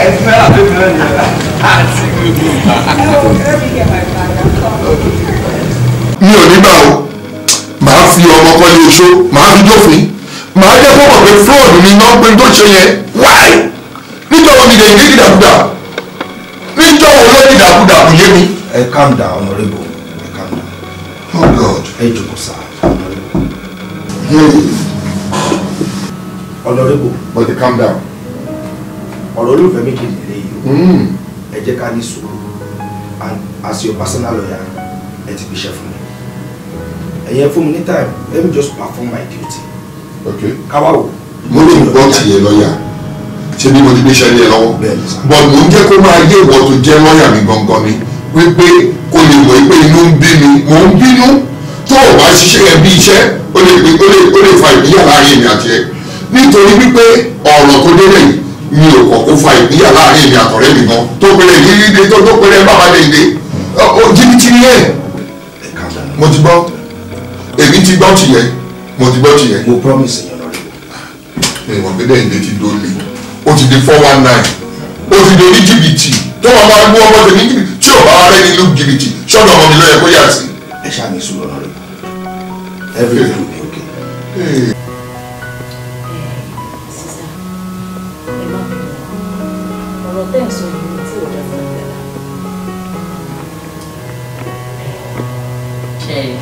ẹtì náírà tó ti náà yẹn àti gbogbo ìgbà. mi ò ní gbà o màá fi ọmọ kọ́lé oṣó màá fi dófin màá jẹ́ kó mọ̀ pé fraud ni náà pé tó ṣe yẹn wáì níjọba mi lè ní ìdàkúdà níjọba olóyìn ìdàkúdà kò yé mi. ẹ calm down honourable ẹ calm down. oh god ẹ jòkó sá hmm. honourable. but calm down olólùfẹ́ méjèèjì lélẹ́yìí o hmm. ẹ jẹ́ ká ní sùúrù and as your personal lawyer ẹ ti gbéṣẹ́ for mi ẹ̀yẹ fún for ní time let me just perform my duty. okay káwá o. mo lè gbọ́ tiẹ̀ lọ́ọ̀yà ṣe bí mo ti gbéṣẹ́ lé lọ́wọ́ but mo ń jẹ́ kó máa yé ìwọ tó jẹ́ lọ́ọ̀yà mi gangan ni wípé kò lè mọ̀ pé inú ń bí mi mò ń bínú tó o bá ṣiṣẹ́ rẹ bí iṣẹ́ ó lè fa ìbíyà láàrin èmi àti ẹ nítorí wípé ọ̀rọ̀ tó délẹ̀ yìí mi ò kọ̀ kó fa ìpínyà láàrin èmi àtọ̀rẹ́ mi gan tó pèrè yíyíde tó tó pèrè bàbá dèdè jìbìtì ni ẹ̀ mo ti gbọ́ èmi ti gbọ́ tìyẹn mo ti gbọ́ tìyẹn. mo promise yẹn lọ́rẹ́. ìwọ̀n gbẹ́dẹ̀ ìdè ti dolè ó ti di four one nine ó ti di orí jìbìtì tó wà máa gbọ́ ọmọ tèmi jìbìtì tí ò bá wà lẹ́ni ló jìbìtì sọ́dọ̀ ọmọ mi ló yẹ kó yà sí. ẹ ṣàmì sùn lọ́rẹ́ everything will be okay. Hey. tẹ̀sán yìí tí ò dá máa bẹ̀rẹ̀. ṣe é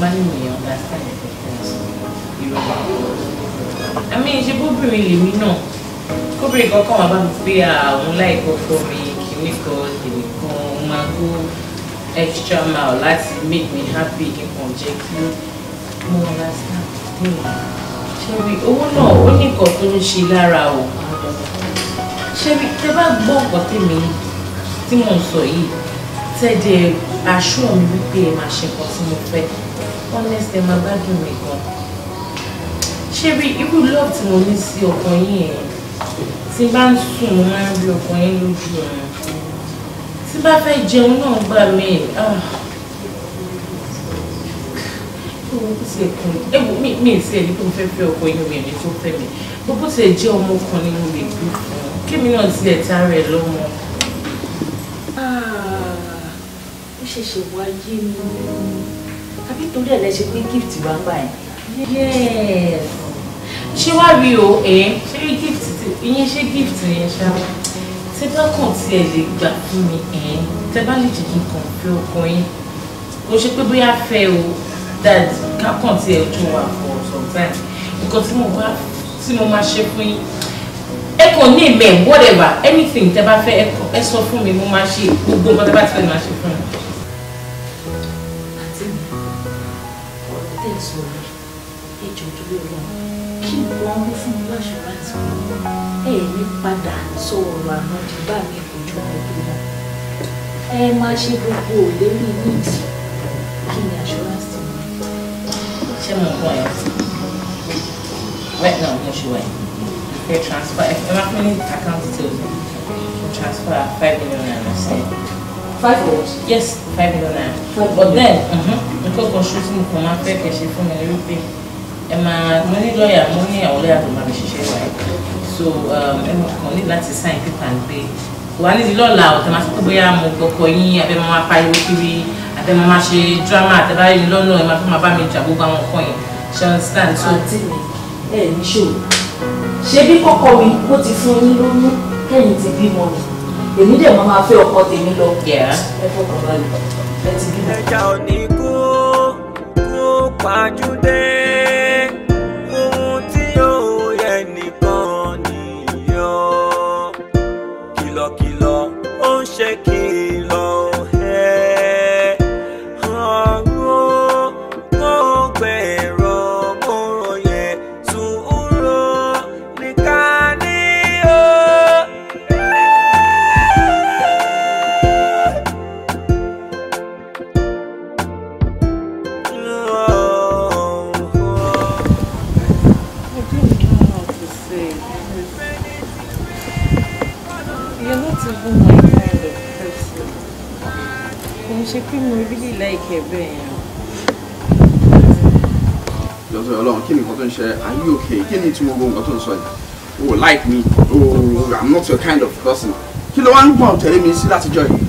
máa ní ìyẹn ọ̀gá sáyẹn tẹ̀sán ìrọ̀lẹ́ àmì ìṣe bóbìnrin lèmi náà kóbìnrin kankan wà bá mi pé extra mile láti make me happy kí n kàn jẹ́ kí mo understand hmm. ṣe rí owó náà ó ní nǹkan tó ń ṣé bí tẹ bá gbọ́ nǹkan tèmi tí mò ń sọ yìí tẹ́jẹ́ aṣọ mi wípé ẹ máa ṣe nǹkan tí mo fẹ́ honest ẹ máa bá dùn mí gan ṣé bí irú love tí mo ní sí ọkàn yìí yẹn tí bá ń sùn mo máa ń rí ọkàn yẹn lójú ọ̀run tí bá fẹ́ jẹun náà gbà mí ewu ah. mi mi ti ẹni tó fẹ́ fẹ́ ọkọ inú mi ẹni tó fẹ́ mi gbogbo ti ẹ jẹ́ ọmọkùnrin mo lè gbé fún un kémi náà ti ẹ̀ta rẹ̀ lọ́mọ. Ah, ó ṣẹ̀ṣẹ̀ wá yé mi àbí torí ẹ̀ lẹ ṣe pé gift wá gbà yẹn. ṣé wàá rí o ẹ ṣé gift ìyẹn ṣé gift yẹn ṣá tẹ bá kàn tí ẹ lè gbà fún mi ẹ tẹ bá lè jẹ kàn fi ọkàn yín kò ṣe pé bóyá fẹ́ o dad ká kàn tí ẹ jó wa for some time nǹkan tí mo bá tí mo máa ṣe fún yín ẹ kàn ní ìmẹ̀ whatever anything tẹ bá fẹ́ ẹ sọ fún mi mo máa ṣe gbogbo nǹkan tẹ bá ti fẹ́ máa ṣe fún mi. àti ọ̀rọ̀ tẹ̀ sọ̀rọ̀ ẹjọ́ torí ọ̀rọ̀ kí wọ́n mú fún mi láṣọ láti mú ẹ ní padà sọ ọ̀rọ̀ àná di bá mi kò jọ ọdún náà ẹ máa ṣe gbogbo òlérí ní ìdí kí ni àṣọ láti mú. ṣé mo ń ẹ right now mo ṣe wáyé they transfer, if I'm not many account details, you transfer 5 million naira, I say. Five what? Yes, five million naira. But then, nǹkan uh-huh, kan Because nǹkan máa fẹ́ kẹ̀ṣe pay, mi lórí pé ẹ máa mo ní lọ́ọ̀yà money. I àwọn have um, to manage. mi ṣiṣẹ́ wa so ẹ kàn ní láti sign paper pé wà nídìí lọ́la ọ̀tẹ̀ máa sọ pé bóyá mo gbọ́kọ yín abẹ́ máa pariwo kiri abẹ́ máa ṣe drama àtẹ̀báyé lọ́nà ẹ máa fẹ́ máa bá mi jà gbogbo àwọn nǹkan yẹn ṣe understand so. àǹtí mi ẹ ní ṣòro ṣé bí kọ́kọ́ mi ó ti fún yín lóyún kẹ́yìn ti bímọ ni èmi dẹ̀ máa fẹ́ ọkọ tèmi lọ ẹ fọkàn balẹ̀ ẹ ti bímọ. ẹja ò ní kú kú pàjùdé. mi really like ẹ bẹ́ẹ̀ yẹn. lọ́sọ̀ are you okay Can you ìtumọ̀ gbogbo nǹkan tó ń oh like me oh i'm not your kind of person kí ló wá ń gbọ́n tẹ̀lé mi sí látijọ́ yìí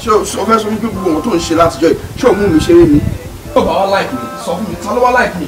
ṣé o fẹ́ sọ fún mi pé gbogbo nǹkan tó ń ṣe me. yìí ṣé like me So fún mi ta ló like me.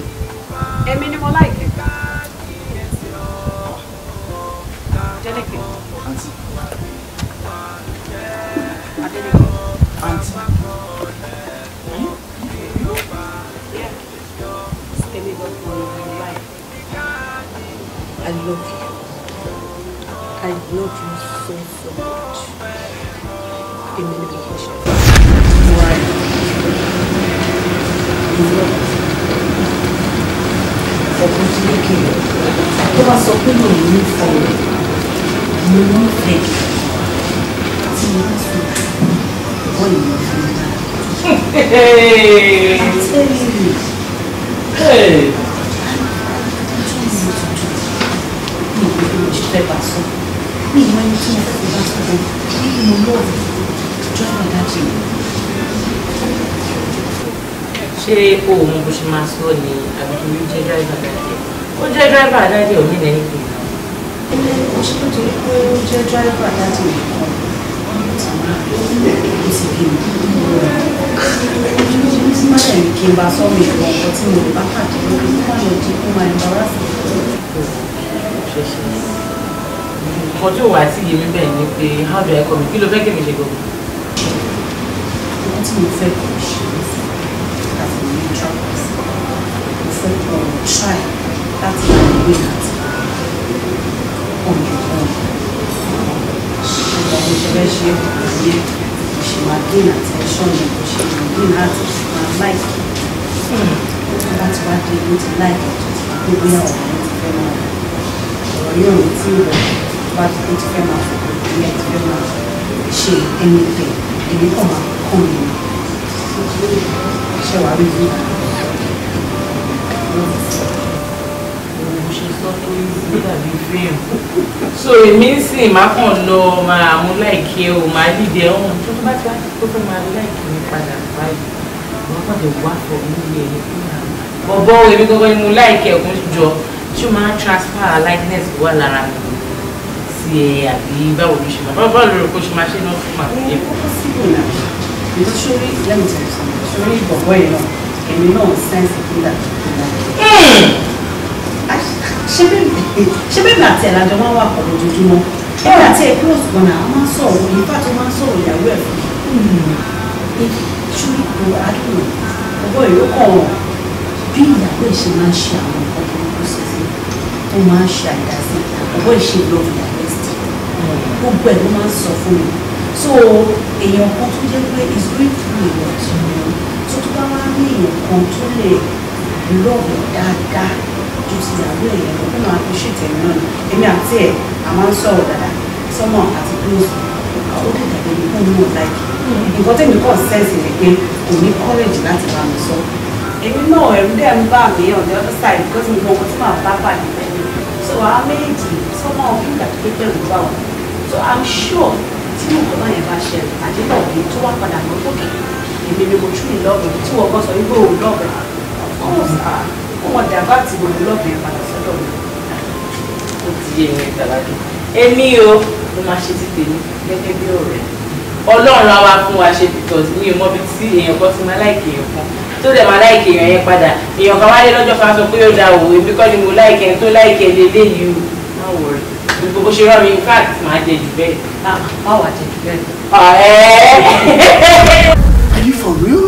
débi náà ọ̀rọ̀ ti fẹ́ máa ọ̀rọ̀ yóò ní tí ìwọ bá ti tó ti fẹ́ máa fò ìyẹn ti fẹ́ máa ṣe ẹni tẹ̀ èmi kàn máa kó mi ṣe wàá rí bí. so èmi ń sìn má kàn lọ máa mú láìkí o máa dìde ọ̀hún tó bá ti wá tó fẹ́ máa láìkí mi padà báyìí wọ́n kàn lè wá fọ̀ mí yẹ ẹni bọ̀bọ̀ èmi gbogbo ni mo láìkẹ́ ọ̀gbọ́n jọ ṣé o máa transfer likeness wà lára mi sí ẹ àbí báwo ló ṣe máa báwo báwo lórí kó ṣe máa ṣe náà fún màá tẹ̀lé. èyí sórí lẹ́yìn tí mo sórí bọ̀bọ̀ yìí náà èmi náà sẹ́ǹsì kúlà hmm. ṣé bẹ́ẹ̀ àti ẹ̀lájọ máa wà pọ̀ lójoojúmọ́ ẹ̀rọ àti ẹ̀kú ọ̀sùnkànnà a máa sọ̀rọ̀ òyìn fà tó máa sọ̀rọ̀ ìyàwó ẹ̀ fún mi hmm. ṣùgbọ́n àdúgbò ọgbọ́n ìlú kọ̀ọ̀rọ̀ bí ìyàwó ìṣe máa ń ṣe àwọn nǹkan tó ń kó sísè ó máa ń ṣe àdásí ọwọ́ ìṣe love their best gbogbo ẹ̀ ló máa ń sọ fún mi so èèyàn kan tó jẹ́ pé is going through a lot tó tó bá wá ní èèyàn kan tó lè love dáadáa ju ti ìyàwó èèyàn lọ kó máa appreciate ẹ̀mí náà èmi àti ẹ̀ a máa ń sọ̀rọ̀ dáadáa sọ́mọ àti close ó lè dàbí ẹni kó mú ọ̀ láìkì nǹkan tẹ̀mí kọ́ sẹ́ǹsì rẹ̀ pé kò ní kọ́lẹ̀jì láti bá mi sọ èmi náà ẹ̀rù dẹ̀ ń bà mí on the other side because mo mọ ohun tí màá bá pàdé pẹ̀lú so àwọn méjì sọ́mọ ọ̀gbìn so i'm sure tí mo kọ́ báyẹn bá ṣẹlẹ̀ àdébọ̀ mi tó wá padà lọ lókè èmi ni mo tún ní lọ́ọ̀bù tí wọ́n kọ́ of course ó wọn dàgbà tí mo ní lọ́ọ̀bù yẹn padà sọ́dọ̀ mi. ó ti yé mi tàbí èmi o mo máa ṣe ti tèmi gẹ́gẹ́ bí ọ̀rẹ́ ọlọ́run á wá fún wa ṣe because mi ò tó dẹ̀ máa láìkè èèyàn yẹn padà èèyàn kan wáyé lọ́jọ́ kan sọ pé ó da òwe bí kọ́ ni mo láìkè tó láìkè lélẹ́ yìí o má wọ̀ gbogbo bó ṣe rọ́ mi in fact máa jẹ jù bẹ́ẹ̀ ah, má wà jẹ jù bẹ́ẹ̀. Ah, Are you for real?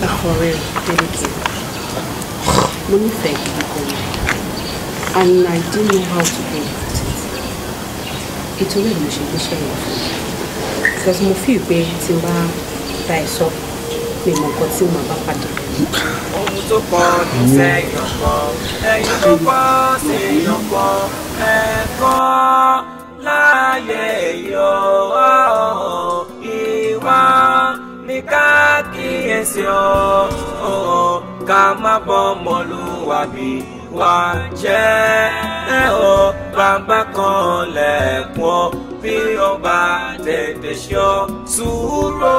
na for real thank you mo nífẹ̀ẹ́ gidi kan and I don't know how to do it ìtorí ẹ̀ mo ṣe gbéṣẹ́ yẹn fún mi because mo fi ìpè tí n bá da ẹ̀ sọ́kù pé mo nǹkan tí màá bá padà. ohun tó kọ ní sẹ́yìn ọkọ ẹ̀yìn tó kọ́ sẹ́yìn ọkọ ẹ̀kọ́ láàyè yọ ìwà ní káàkiyèsí ọ̀ ká má bọ́ mọ́lúwàbí wà jẹ́ ẹ̀ bàbá kan lẹ̀kùn bí ọba tètè ṣọ́ sùúrù.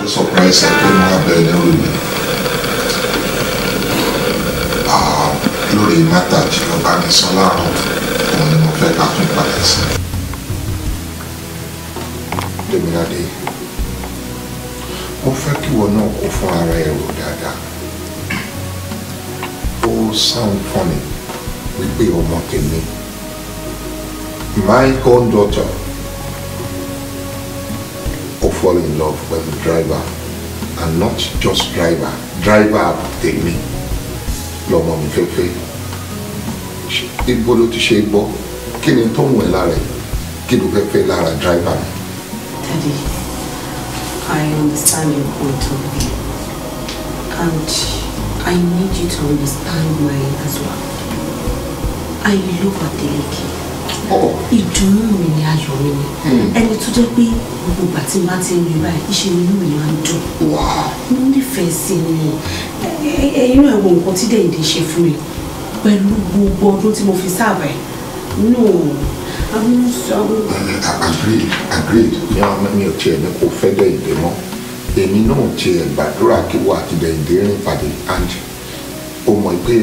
the surprise ẹgbẹ́ mú abẹ́rẹ́ lórí mi lórí mẹ́ta jìlọ́ba ní sọ́láàrọ̀ òun ni mo fẹ́ ká tún padà sí. Dèmíládé, mo fẹ́ kí ìwọ náà kó fún ara ẹ rò dáadáa. Ó sáwọn fún wípé ọmọ tèmi my granddaughter will fall in love with the driver and not just driver driver tèmi lọmọ mi fẹ́fẹ́ ibo ló ti ṣe gbọ́ kí ni tó ń wẹ̀ lára ẹ̀ kí ló fẹ́fẹ́ lára driver Daddy, I understand your point of view and I need you to understand mine as well. I love Adeleke ìdùnnú mi ni ayọ̀ mi ni hmm. ẹni tó jẹ́ pé gbogbo ìgbà tí n bá ti ń rí báyìí iṣẹ́ inú mi máa ń dùn mo nífẹ̀ẹ́ sí ni inú ẹ̀wọ̀n nǹkan tí dẹ̀yìndé ṣe fún mi pẹ̀lú gbogbo ọdún tí mo fi sáàbà ẹ̀ nínú agreed agreed ní àwọn mi ò tiẹ̀ ní kò fẹ́ dẹ̀yìndé mọ́ èmi náà tiẹ̀ gbàdúrà kí wọ́n àti dẹ̀yìndé rìn pàdé and o mọ̀ pé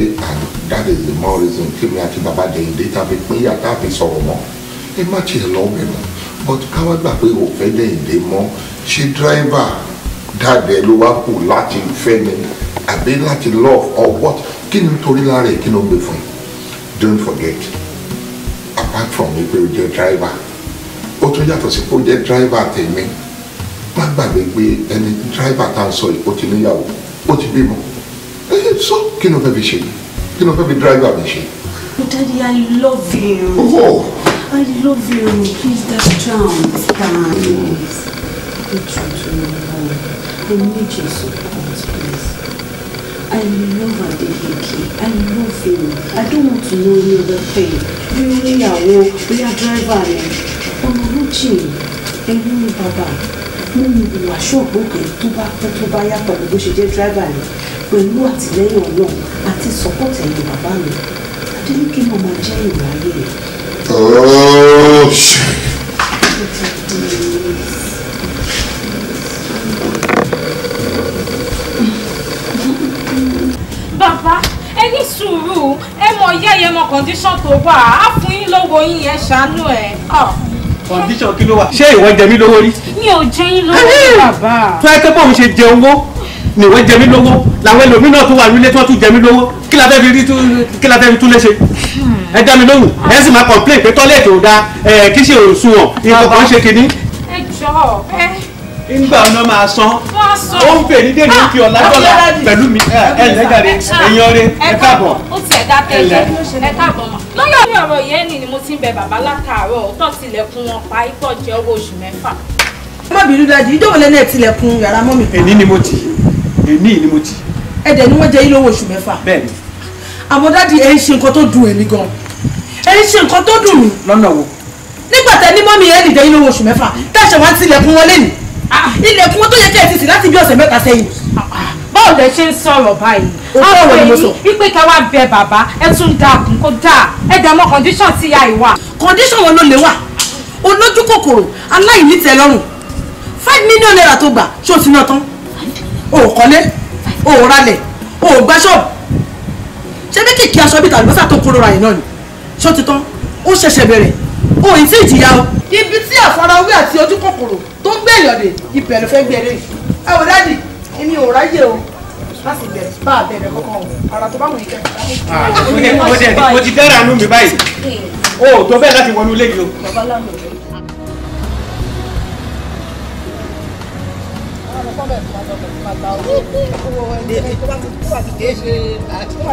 that is the more reason kí mi àti bàbá Dèyìndé tàbí péyà tàbí sọ̀rọ̀ mọ́ ẹ má tiẹ̀ lọ bẹ̀ mọ́ but káwá gbà pé o fẹ́ Dèyìndé mọ́ ṣé driver, dáadé ló wá kù láti fẹ́ mi àbí láti love or what kí ni torí lára ẹ̀ kí ni ó gbé fún ẹ don't forget apart from wípé o jẹ́ dírẹ́fà ó tún yàtọ̀ sí pé o jẹ́ driver tèmi má gbàgbé pé ẹni dírẹ́fà tá à sọ yìí ó ti níyàwó ó ti bímọ kí ló fẹ́ fi ṣe kí ló fẹ́ fi dráìvà mi ṣe. Oh, Daddy, I love you. Oh. I love you. Please, that's down. Stand. Please. I need your support, please. I love Adehiki. I love him. I don't want to know any other thing. Bí ó ní ìyàwó, bí ó yá dráìvà ni. Ọmọ ló jìn, ẹ̀yìn nínú ìwà ṣọ́ọ̀bù òkè tó bá pẹ́ tó bá yàtọ̀ bó ṣe jẹ́ dírẹ́bà rẹ̀ pẹ̀lú àtìlẹ́yìn ọlọ́run àti sọ́pọ̀tì ẹ̀yìn bàbá mi adélékè náà máa jẹ́ ìwà ayé rẹ̀. Oh, bàbá ẹ ní sùúrù ẹ mọ ìyá ẹ mọ kọ́ndíṣọ̀n tó wà á fún yín lọ́wọ́ yín ẹ ṣàánú ẹ̀. Ah condition kí ló wà ṣé ìwọ jẹ mí lówó rí. mi ò jẹ yín lówó rí bàbá. tó ẹ kó ṣe jẹun wó ni ìwọ jẹ mí lówó làwọn ẹlòmíín tó wà nílé tí wọ́n tún jẹ mí lówó kí la fẹ́ fi rí kí la fẹ́ fi tún lé ṣe. ẹ dá mi lóhùn ẹ sì máa complain pé tọ́lẹ̀tì ò da kí ṣe òṣùwọ̀n nǹkan kan ṣe kínní. ẹ jọ̀ọ́ ẹ ńgbà ọ̀nà máa san ó ń pè ní dèmí fi ọ̀làjọ́lá pẹ̀lú mi eh, ẹ ẹ lẹ́gàdé èèyàn rẹ ẹ káàbọ̀ ó ti ẹ̀dá ọ̀rọ̀ yẹn ni mo ti ń bẹ bàbá látàárọ̀ ọ̀tọ̀ tilẹ̀kùn wọn pa ikọ̀ jẹ́ owó oṣù mẹ́fà. má bínú dájú ìjọba lẹ́nu ẹ̀ tilẹ̀kùn yàrá mọ́ mi. èní ni mo ti èní ni mo ti. ẹ̀dẹ̀ ni wọ́n jẹ́ ilé owó oṣù mẹ́fà. bẹ́ẹ̀ni. àmọ́ dáàdi ẹ̀ ń ṣe nǹkan tó dùn èmi gan ẹ̀ ń ṣe nǹkan tó dùn mí. lọ́nà wo. nígbà tẹ ní mọ́mí ẹ̀ nìjẹ́ Ah, ilẹ̀kùn tó yẹ kí ẹ ti sìn láti bí ọ̀sẹ̀ mẹ́ta sẹ́yìn. Ah, ah, báwo lẹ ṣe ń sọ̀rọ̀ báyìí. àwọn ọ̀rọ̀ yìí wípé ká wá bẹ bàbá ẹ tún dákun kó dáa ẹ dà mọ́ kọ́ndíṣàn tí ya ìwà. kọ́ndíṣàn wọn ló lè wà olójú kòkòrò aláìnítẹ́lọ́rùn five million naira tó gbà ṣó ti ná tán o ò kọ́lé o ò ralẹ̀ o ò gbá ṣọ́ọ̀bù ṣé bí kìkì aṣọ bíi tàbí bọ́sà tó kúrò ra ẹ̀ náà ni ṣó ti tán ó ṣẹ̀ṣẹ̀ bẹ̀rẹ̀ o ì tí ì jìyà o ibi tí àfarawé àti ojú kòkòrò tó ń gbé èèyàn dé ibẹ̀ ló fẹ́ gbé ẹ̀rẹ́ yìí ẹ wò dáàdì èmi ò ráyè o láti bẹ̀rẹ̀ bá a bẹ̀rẹ̀ kọ́kọ́ o ara tó bá wù ní kẹ́kẹ́. mo ti dára nú mi báyìí o tó bẹ́ẹ̀ láti wọnú ilé yìí o. tó bá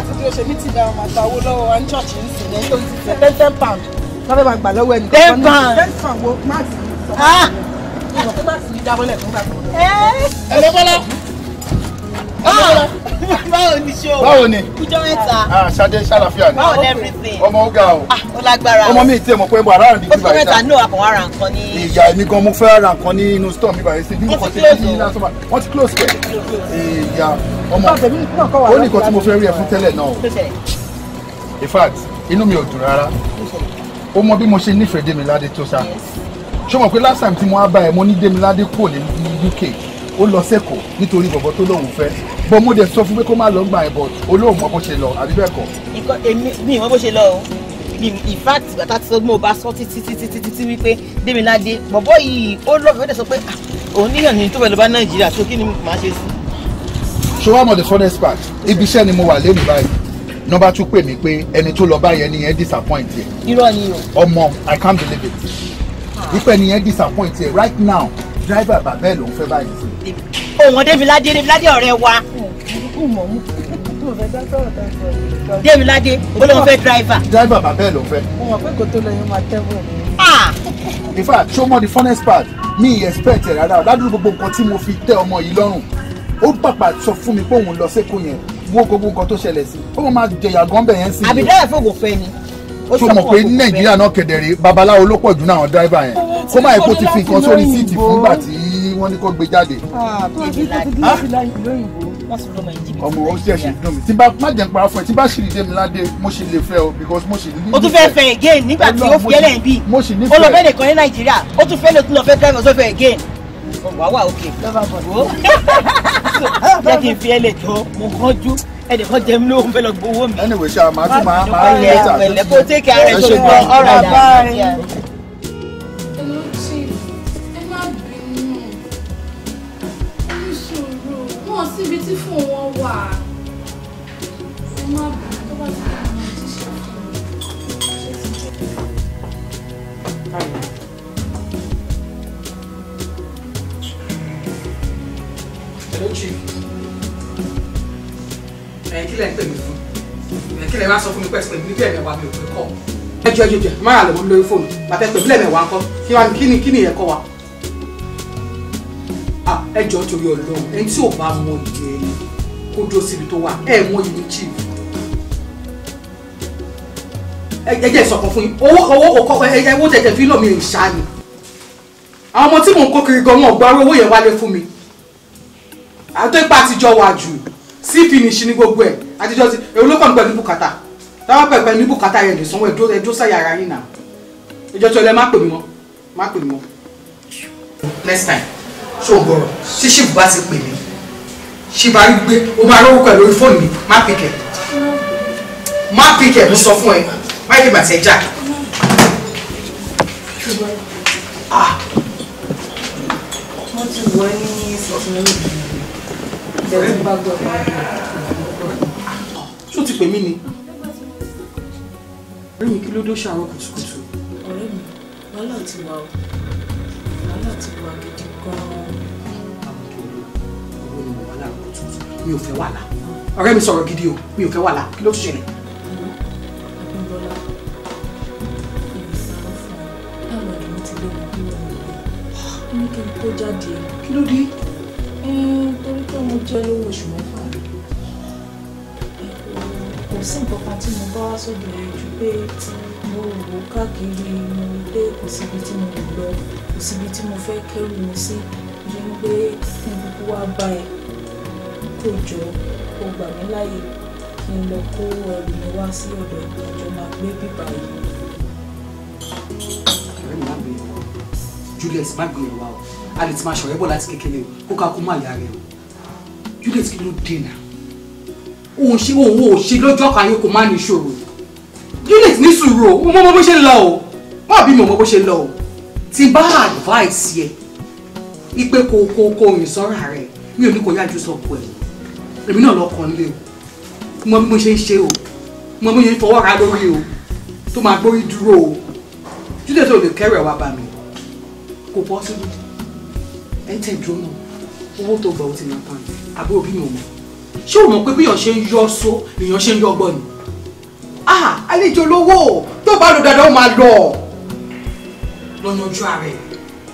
ti dúró ṣe mítì náà màtà owó lọ́wọ́ one church ń sìn lẹ́yìn tó ti tẹ̀ ten ten pound sábẹ́ máa gbà lọ́wọ́ ẹni. tẹ́fàn tẹ́fàn wo máàsì sọ fún mi máàsì mi dáwọ́lẹ̀ fún bàbá mi. Eh. Ah. ẹ̀rọ bọ́lá. báwo ni ṣó. báwo ni. kújọ mẹ́ta. Ah, ṣadé ṣàlàfíà ni. báwo ni everything. ọmọ ó ga o. Ah, ó lágbára o. ọmọ mi ti mọ̀ pé mo àrà rìn bí báyìí ta. ó kújọ mẹ́ta ní àkànwá ara nǹkan ní. ìyá èmi gan mo fẹ́ ra nǹkan ní inú store mi báyìí sí. wọ́n ti close o. close kẹ̀. ìyá ọmọ ó ní nǹkan tí mo fẹ́ rí ẹ fún tẹ́lẹ̀ náà o. in fact inú mi ò dùn rárá o mọ bí mo ṣe nífẹ̀ẹ́ Demilade tó sá ṣé pé last time tí mo wá bá ẹ mo ní Demilade kúrò ní UK ó lọ sẹ́kọ̀ọ́ nítorí bọ̀bọ̀ tó lóun fẹ́ bọ́ mo dẹ̀ sọ fún pé kó má lọ gbà ẹ̀ bọ̀ olóhùn mọ bó ṣe lọ àbí bẹ́ẹ̀ kọ́. ikọ èmi mi ìwọ bó ṣe lọ o mi in fact bàtà ti sọ mo bá sọ títí títí títí tí wípé Demilade bọ̀bọ̀ yìí ó lọ fẹ́ dẹ̀ sọ pé ah, òun níyàn ní tó fẹ́ lọ bá Nàìjíríà tó kí ni màá ṣe sí. ṣọwọ́ mọ̀ the funnest ibi iṣẹ́ ni mo wà lẹ́nu báyìí nọmba tún pè mí pé ẹni tó lọ bá yẹn nìyẹn disappoint yẹ. irọ́ ni o. ọmọ i can't believe it. ipẹ́ nìyẹn disappoint yẹ right now driver bàbá ẹ̀ ló ń fẹ́ báyìí sí. òun Démiládé Démiládé ọ̀rẹ́ wa. Démiládé ó ló fẹ́ driver. driver bàbá ẹ̀ ló ń fẹ́. mo pé kò tó lọ máa tẹ́wọ̀ mi. Ah! in fact show more the funnest part Me expect ẹ̀ rárá ládùúgbò gbogbo nǹkan tí mo fi tẹ́ ọmọ yìí lọ́rùn ó pàpà sọ fún mi pé òun lọ sẹ́kọ̀ọ́ yẹn wo gbogbo nǹkan tó ṣẹlẹ̀ sí ó máa jẹyà gan bẹ̀ yẹn sí. àbí dẹ́rẹ̀ fún ògùnfẹ́ ni. tó mọ̀ pé ní nàìjíríà náà kẹ̀dẹ̀rẹ̀ babaláwo ló pọ̀ jù náà àwọn dráìbà yẹn kó má yẹ kó ti fi nǹkan sórí síìtì fúngbà tí wọ́n ní kó gbé jáde. Ah, ah! ọmọ o ṣe ṣe dùn mí tí bá má jẹ́ nípa fún ẹ tí bá ṣì dé mi ládé mo ṣì lè fẹ́ o because mo ṣì nífẹ̀ẹ́. o tún fẹ́ fẹ́ again nígbà tí ó fi ẹlẹ́yìn bíi ó nìkan ní nàìjíríà ó tún fẹ́ lè tún lọ fẹ́ drive ọ̀sọ́fẹ́ again. wàá wà òkè jẹ́ kí n fi ẹlẹ̀ jọ mo kánjú ẹnì kan jẹ mí ló ń fẹ́ lọ gbowó mi. ẹnì wèé ṣe àmà tó máa máa ń lẹ́tà tó ṣe kí ara ẹ̀ ṣe gbọ́ ọ̀rọ̀ àbáyé. síbi tí fún wọn wà. kílẹ̀ ń pè mí fún kílẹ̀ wá sọ fún mi pẹ̀sì pẹ̀lú níbi ẹ̀mẹ̀wá mi ò pé kọ́ ẹjọ́ ẹjọ́ jẹ má yà lọ́wọ́ lórí fóònù bàtẹ́ pẹ̀lú ẹ̀mẹ̀wá ńkọ́ kí wá kí ni kí ni ẹ̀kọ́ wa. ẹjọ́ torí ọlọ́run ẹni tí ò bá mọ ìdí ẹni kó dúró síbi tó wà ẹ̀ mọ ìlú chief. ẹjẹ ìsọ̀kan fún yín owó owó òkọ́ ẹyẹ owó tẹ̀tẹ̀ fi lọ́ọ̀ mi ò ṣá ni àwọn ọmọ tí mò ń kó kiri gan wọn ò gba owó yẹn wálé fún mi àtọ́ ipa àtijọ́ wà jù sí finish ní gbogbo ẹ̀ àtijọ́ ti èwo ló kàn pẹ̀lú bùkátà táwọn pẹ̀ pẹ̀lú bùkátà yẹn lè sanwó ẹ̀dó sáyà ara yín náà ìjọ tí ọlẹ́ má pè mí mọ́ má pè mí mọ́. next time ṣó o gbọ́rọ̀ tí ṣì bá ti pè mí ṣì bá rí gbé o máa rówó pẹ̀lú orí fóònù mi má pikẹ̀ má pikẹ̀ mo sọ fún ẹ má yẹ bàtí já. Ah. wọ́n ti wọ ní sọ̀tún lórí ìdẹ́gbẹ́gbàgbọ́ pè mí ni. ọ̀rẹ́ mi kí ló dé ṣàárọ̀ kùtùkùtù. ọ̀rẹ́ mi wàhálà ti wà o wàhálà ti wà gidi gan-an. àwọn ọmọ wàhálà kùtùkùtù mi ò fẹ́ wàhálà ọ̀rẹ́ mi sọ̀rọ̀ gidi o mi ò fẹ́ wàhálà kí ló tún ṣẹlẹ̀. kí ló dé. torí pé mo jẹ́ lówó oṣù mẹ́fà kò sí nǹkan kan tí mo bá wá sóde ju pé mo wò káàkiri mo dé kò síbi tí mo lọ kò síbi tí mo fẹ́ kẹ́rù mi sí ju pé kí n kúkú wá bá ẹ kó jọ kó gbà mí láàyè kí n lọ kó ẹrù mi wá sí ọ̀dọ̀ ìgbàjọ máa gbé bíbá yìí. ọ̀rẹ́ má gbìyànjú wa o a lè ti máa ṣọ̀rẹ́ bọ̀ láti kékeré o kó ká kó má yára o Juliet kí ló dé náà òun ṣe òun ò ṣe lọ́jọ́ kan yóò kó má ní ìṣòro unit ní sùúrù o mo mọ bó ṣe ń lọ o wọn àbí mo mọ bó ṣe ń lọ o ti bá advice yẹ ipe kò kò kò rìn sọ́ra rẹ̀ mi ò ní kò yájú sọ pé èmi náà lọ́kàn nílé o mo mo ṣe ń ṣe o mo mo ṣe ń fọwọ́ ra lórí o tó máa gbórí dúró o júdẹ̀ tó lè kẹ́rẹ̀ wá bá mi kò pọ́ síbi ẹ̀ ń tẹ̀ dúró náà owó tó gbà ti nà pa mi àbúrò bí mi ò mọ̀ ṣé o mọ̀ pé bíyàn ṣe ń yọ so èèyàn ṣe ń yọ ọgbọ́n ni ah àlejò lówó tó bá lò dáadáa ó máa lọ lọ́nà ojú ààrẹ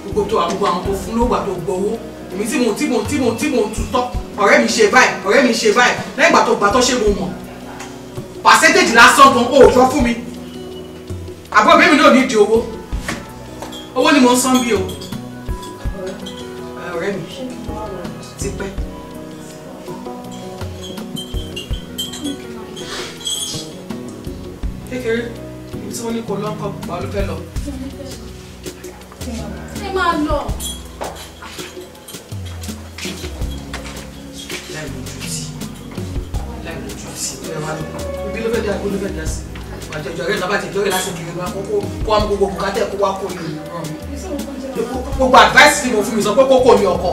gbogbo tó wà gbogbo àwọn tó fún lóògbà tó gbowó èmi tí mo tí mo tí mo tí mo tutọ́ ọ̀rẹ́ mi ṣe báyìí ọ̀rẹ́ mi ṣe báyìí lẹ́yìn ìgbà tó gbà tó ṣe mo mọ̀ pàṣẹ́ntéèjì lásán gan o yọ fún mi àbúrò mi náà nídìí owó owó ni mo ń san bí o ọ̀rẹ́ mi ti kékeré ibi tí wọ́n ní kò lọ́nkọ́ gbà ló fẹ́ lọ. ẹ máa lọ. láì lójú tí láì lójú tí ẹ máa lọ ibi ló fẹ́ dá ibi ló fẹ́ dá sí àjọjọ rẹ lọ́ba tẹ̀jọ́ rẹ lásìkò ìlú wa kókó kó wa gbogbo bùkátẹ́ kó wa kó lè gbogbo advice ni mo fún mi sọ pé kókó mi ọkọ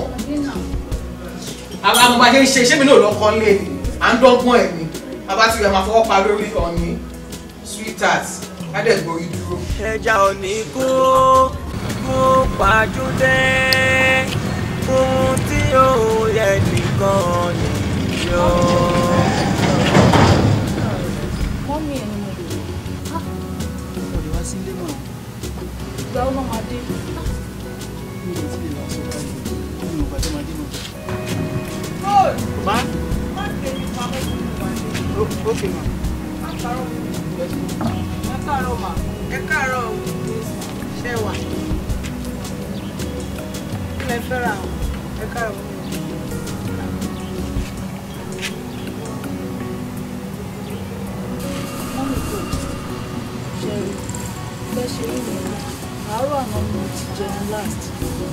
àwọn amọ̀bàjẹ́ ń ṣe iṣẹ́ mi náà lọ́kọ́ lé ni à ń dọ́gbọ́n ẹ̀ ni bàbá tí ìyá máa fọwọ́ pa lórí ọ̀nì tax adẹ́gbòrí dúró. ẹja ò ní kó kó pàjùdé ohun tí yóò yẹ nìkan nìyọ. mọ́mí ẹ̀ ni mo lè wá. Ah. mo lè wá sílé mọ́. ìgbà ó náà máa dé. mi ò tí ì lọ sọ báyìí mi ò gbàdé máa dé mọ́. báyìí. má má tẹ̀lé pamọ́ ìlú wa. ó ó kè mọ́. má parọ́ mi ẹ káàárọ̀ mà ẹ káàárọ̀ ṣe wà kí lẹ fẹ́ ra ẹ káàárọ̀. bẹ́ ṣe rí mi àárọ̀ àná mi ò ti jẹun last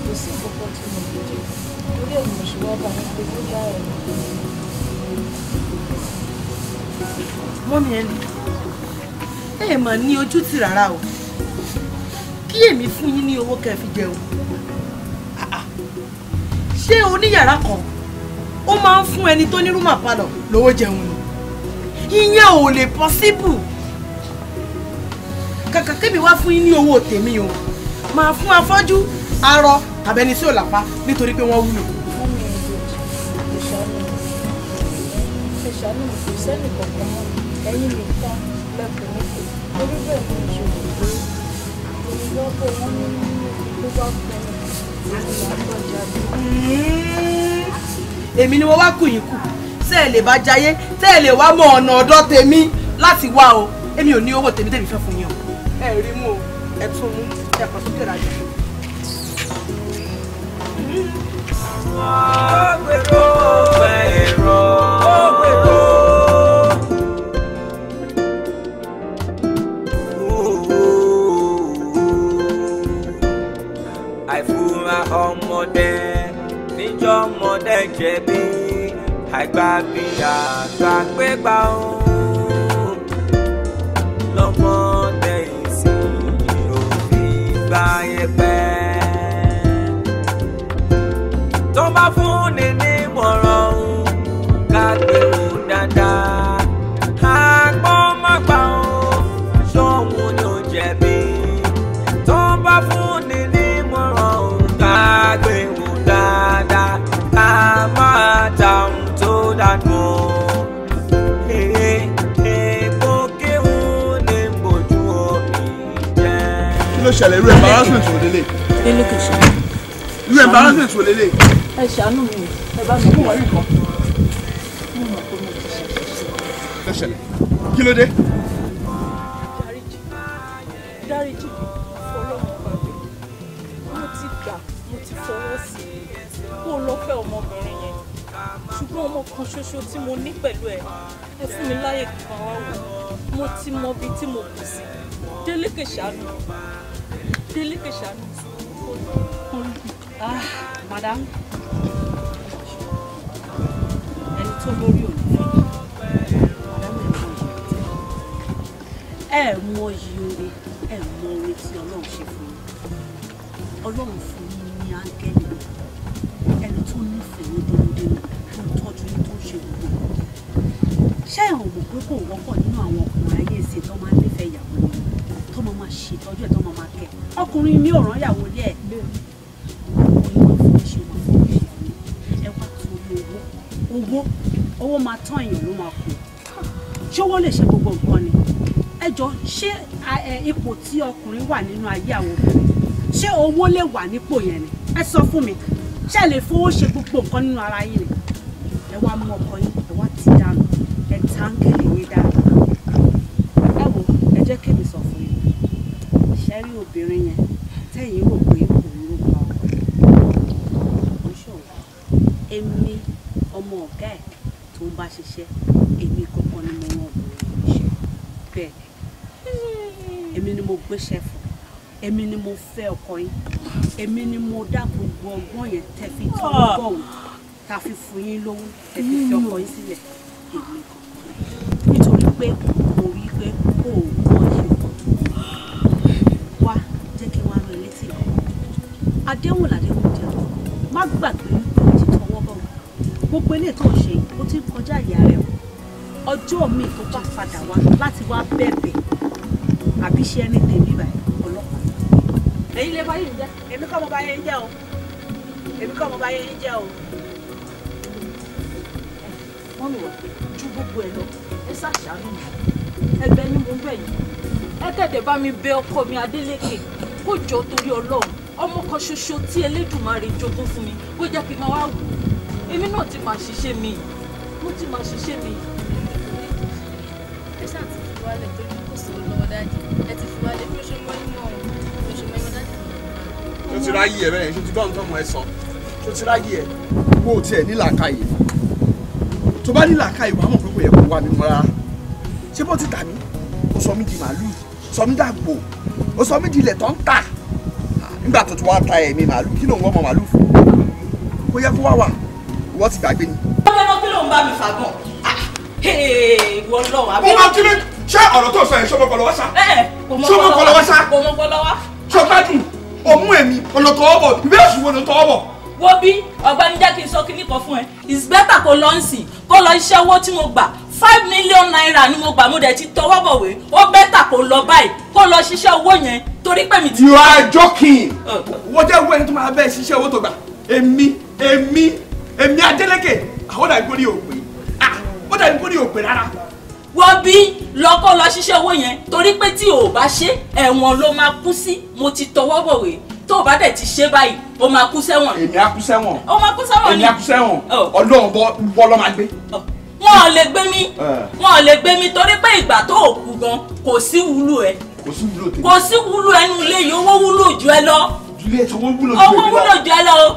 kò sí kankan tí mo lè jẹ torí èyí mo ṣe wá bá mi pé ó dá ẹ̀rọ. mọ́mí ẹ̀ nìkan ẹ mọ̀ ní ojú tì rárá o kí èmi fún yín ní owó kẹ́ fi jẹun ṣé oníyàrá kan ó máa ń fún ẹni tó ní rúmà palọ̀ lówó jẹun ni ìyẹn ò lè pọ́síbù kàkà kébì wá fún yín ní owó tèmi o máa fún afọ́jú arọ tàbẹ́ni sí òlàpá nítorí pé wọ́n wúlò. ṣàánú mi kò sẹ́nì kankan mọ́ ẹ̀yìn mi tán lẹ́kọ̀ọ́ torí bẹ́ẹ̀ ni ìṣòro pé ìlọ́pọ̀ èmi ni mo wá kù yín kù tẹ́ ẹ̀ lè bá jayé tẹ́ ẹ̀ lè wá mọ ọ̀nà ọ̀dọ̀ tèmi láti wá o èmi ò ní owó tèmi tèmi fẹ́ fún yín o. ẹ rí mú o ẹ tún mú ẹ kàn sókè rà jù. Wọ́n gbèrò gbèrò. ọmọdé níjọ́ ọmọdé jẹ̀bi àgbà bí àgbà gbégbá o lọ́mọdé ìsìn ìròyìn gbá yẹpẹ́ tó bá fún ni ní mọ̀ràn ká gbé wò dáadáa. ṣẹlẹ̀ irú embarrassment wò lélẹ̀. ilé kò ṣe. irú embarrassment wò lélẹ̀. ẹ ṣàánú mi ẹ bá mi kú wọ́n rí kan. ẹ ṣẹlẹ̀ kí ló dé. dáríjì dáríjì fọlọ́mọ pàdé mo ti gbà mo ti fọwọ́ sí i kó o lọ ọmọbìnrin yẹn ṣùgbọ́n ọmọ kan ṣoṣo tí mo ní pẹ̀lú ẹ ẹ fún mi láyè kan wá wò mo ti mọ ibi tí mo kù sí Délékè ṣàánú. Delikation. Ah, madam. Ẹni tó lórí òní. Ẹ mọ iyì oore, ẹ mọ oore tí Ọlọ́run ṣe fún yín. Ọlọ́run fún yín ní áńgẹ́lì rẹ̀. Ẹni tó nífẹ̀ẹ́ ní dénúdénú tó ń tọ́jú yín tó ń ṣe gbogbo. Ṣé ẹ̀ràn mọ̀ pé kò wọ́pọ̀ nínú àwọn ọkùnrin ayé ìsìn tó máa ń nífẹ̀ẹ́ ìyàwó? máa ṣètọ́jú ẹ̀ tó máa kẹ́ ọkùnrin mi ò rán ìyàwó ilé ẹ̀ ẹ wá tu owó owó owó máa tán èèyàn ló máa kù ṣé owó lè ṣe gbogbo nǹkan ni ẹ jọ ṣé ipò tí ọkùnrin wà nínú ayé àwọn obìnrin ṣé owó lè wà nípò yẹn ni ẹ sọ fún mi ṣé lè fowó ṣe gbogbo nǹkan nínú ara yín ni ẹ wá mú ọkọ yín ẹ wá ti dànù ẹ tàǹkì lè yín dànù. obìnrin yẹn tẹ́yìn rò pé òun ló pa ọkọ ó èmi ọmọ ọ̀gá ẹ̀ tó ń bá ṣiṣẹ́ èmi kọ́kọ́ ni mo rán obìnrin yẹn ṣe bẹ́ẹ̀ èmi ni mo gbéṣẹ́ fún èmi ni mo fẹ́ ọkọ yín èmi ni mo dá gbogbo ọgbọ́n yẹn tẹ́ fi tọ́ bọ̀wọ̀ ah. ta fi fún yín lówó tẹ́ fi fi ọkọ yín sílẹ̀ èmi kọ́kọ́ nítorí pé mo rí pé kò àdéhùn làdéhùn jẹ́ má gbàgbé wípé o ti tọwọ́ bọ̀ wọ́n gbogbo eléyìí tó ń ṣe ó ti kọjá ìyá rẹ̀ o ọjọ́ mi tó bá padà wá láti wá bẹ̀bẹ̀ àbí ṣe ẹni tèmi báyìí ọlọ́pàá. ẹ̀yin lè báyìí jẹ́ èmi kọ́ mo bá yẹn jẹ́ o èmi kọ́ mo bá yẹn jẹ́ o. wọ́n mi wọ̀ ju gbogbo ẹ̀ lọ ẹ ṣàṣàánú mi ẹgbẹ́ ni mo bẹ̀ yín ẹ tètè bá mi bẹ ọkọ mi Adélékè kó jọ torí Ọlọ́run ọmọ kan ṣoṣo tí Elédùmarè jogún fún mi kó jẹ́ kí n máa wá wò èmi náà ti máa ṣiṣẹ́ mi mo ti máa ṣiṣẹ́ mi. ẹ ṣáà ti fi wálẹ̀ torí kò sí lọ́wọ́ dájú ẹ ti fi wálẹ̀ bí o ṣe mọ ìmọ̀ bí o ṣe mọ ìmọ̀ dájú. tó ti ráyè ẹ bẹ́ẹ̀ ṣe ti gbọ́n tọ́mọ ẹ sọ tó ti ráyè ẹ wo tiẹ̀ nílàkàyè tó bá nílàkàyè wàá mọ̀ pé kò yẹ kó wá mi mọ́ rárá ṣé bó ti tà mí ó sọ mí di màálù sọ mí dàgbò ó sọ mí di ilẹ̀ tó ń tà nígbà tó ti wá ta ẹ̀mí màálù kí ló ń wọ́n mọ màálù fún kó yẹ kó wá wà wọ́n ti gbàgbé ni. ọ̀gá ẹ̀rọ kí ló ń bá mi fàgàn ah, ìwọ lọ́wọ́ abẹ́rẹ́. mo máa kí ni ṣé ọ̀rọ̀ tó sọ yẹn ṣọmọ kọlọ wá sá. ṣọmọ eh, eh, kọlọ wá sá. ṣọmọ kọlọ wá. ṣọgbádùn ọmú èmi ọlọtọ ọbọ ìbí èsù wo lọtọ ọbọ. wo bí ọ̀gbẹ́ni jẹ́ kí n sọ kíní kan fún ẹ it's better kó lọ ń sìn kó lọ iṣẹ́ owó tí mo gbà five million naira ni mo gbà mo dẹ̀ ti tọwọ́ bọ̀wé ó bẹ́tà kó lọ báyìí kó lọ ṣiṣẹ́ owó yẹn torí pé mi ti. you are joking. wọ́n jẹ́ owó ẹni tó máa bẹ́ẹ̀ ṣiṣẹ́ owó tó gbà èmi èmi èmi Adélékè àwọn dàbí kórìí òpè ah ó dàbí kórìí òpè rárá wọ́n bí lọ́kọ́ lọ ṣiṣẹ́ owó yẹn torí pé tí o bá ṣe ẹ̀wọ̀n ló máa kú sí mo ti tọwọ́ bọ̀wé tó o bá dẹ̀ ti ṣe báyìí o máa kú sẹ́wọ̀n. èmi á kú sẹ́wọ̀n. o máa kú sẹ́wọ̀n ni èmi á kú sẹ́wọ̀n ọlọ́run bọ́ lọ́ máa gbé wọn ò lè gbé mi wọn ò lè gbé mi torí pé ìgbà tó o kú gan kò sí wúlò ẹ kò sí wúlò ẹnu ilé yìí owó wúlò ju ẹ lọ owó wúlò ju ẹ lọ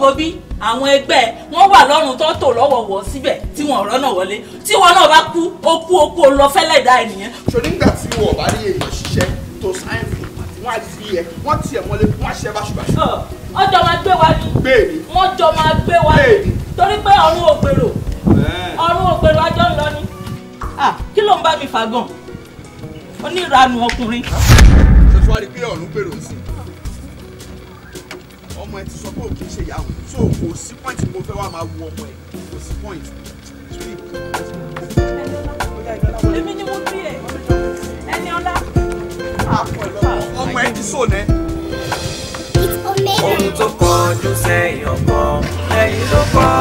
gobi ah. àwọn ẹgbẹ́ wọn wà lọ́rùn tó tò lọ́wọ́ wọ síbẹ̀ tí wọn rọ́nà wọlé tí wọn náà bá kú ó kú ó kú ó lọ fẹ́lẹ̀ dá ènìyàn. ṣòní nígbà tí wọn ò bá rí èèyàn ṣiṣẹ́ tó sáyẹ̀nsì àti wọn àti fi yẹ wọn tiẹ̀ mọ́lé wọn ṣe báṣubàṣu. ọjọ́ máa gbé wa ni wọ́n jọ máa gbé wa ni torí pé ọ̀run ògbèrò Eh. ọrùn òpèrò ajọ́ ń lọ ni ah. Ah, kí ló ń bá mi fà oníranu ọkùnrin. ṣé tí ọ̀run pèrò ń sìn ọmọ ẹ ti sọ pé òkè ṣe ìyàwó tí kò sí pọ́ìntì mo fẹ́ wá máa wo ọmọ ẹ kò sí pọ́ìntì. èmi ni mo bí ẹ ẹni ọlá. Ah, ọmọ ẹ ti sọ nẹ. ohun tó kọjú sẹ́yìn ọkọ lẹ́yìn ló kọ́.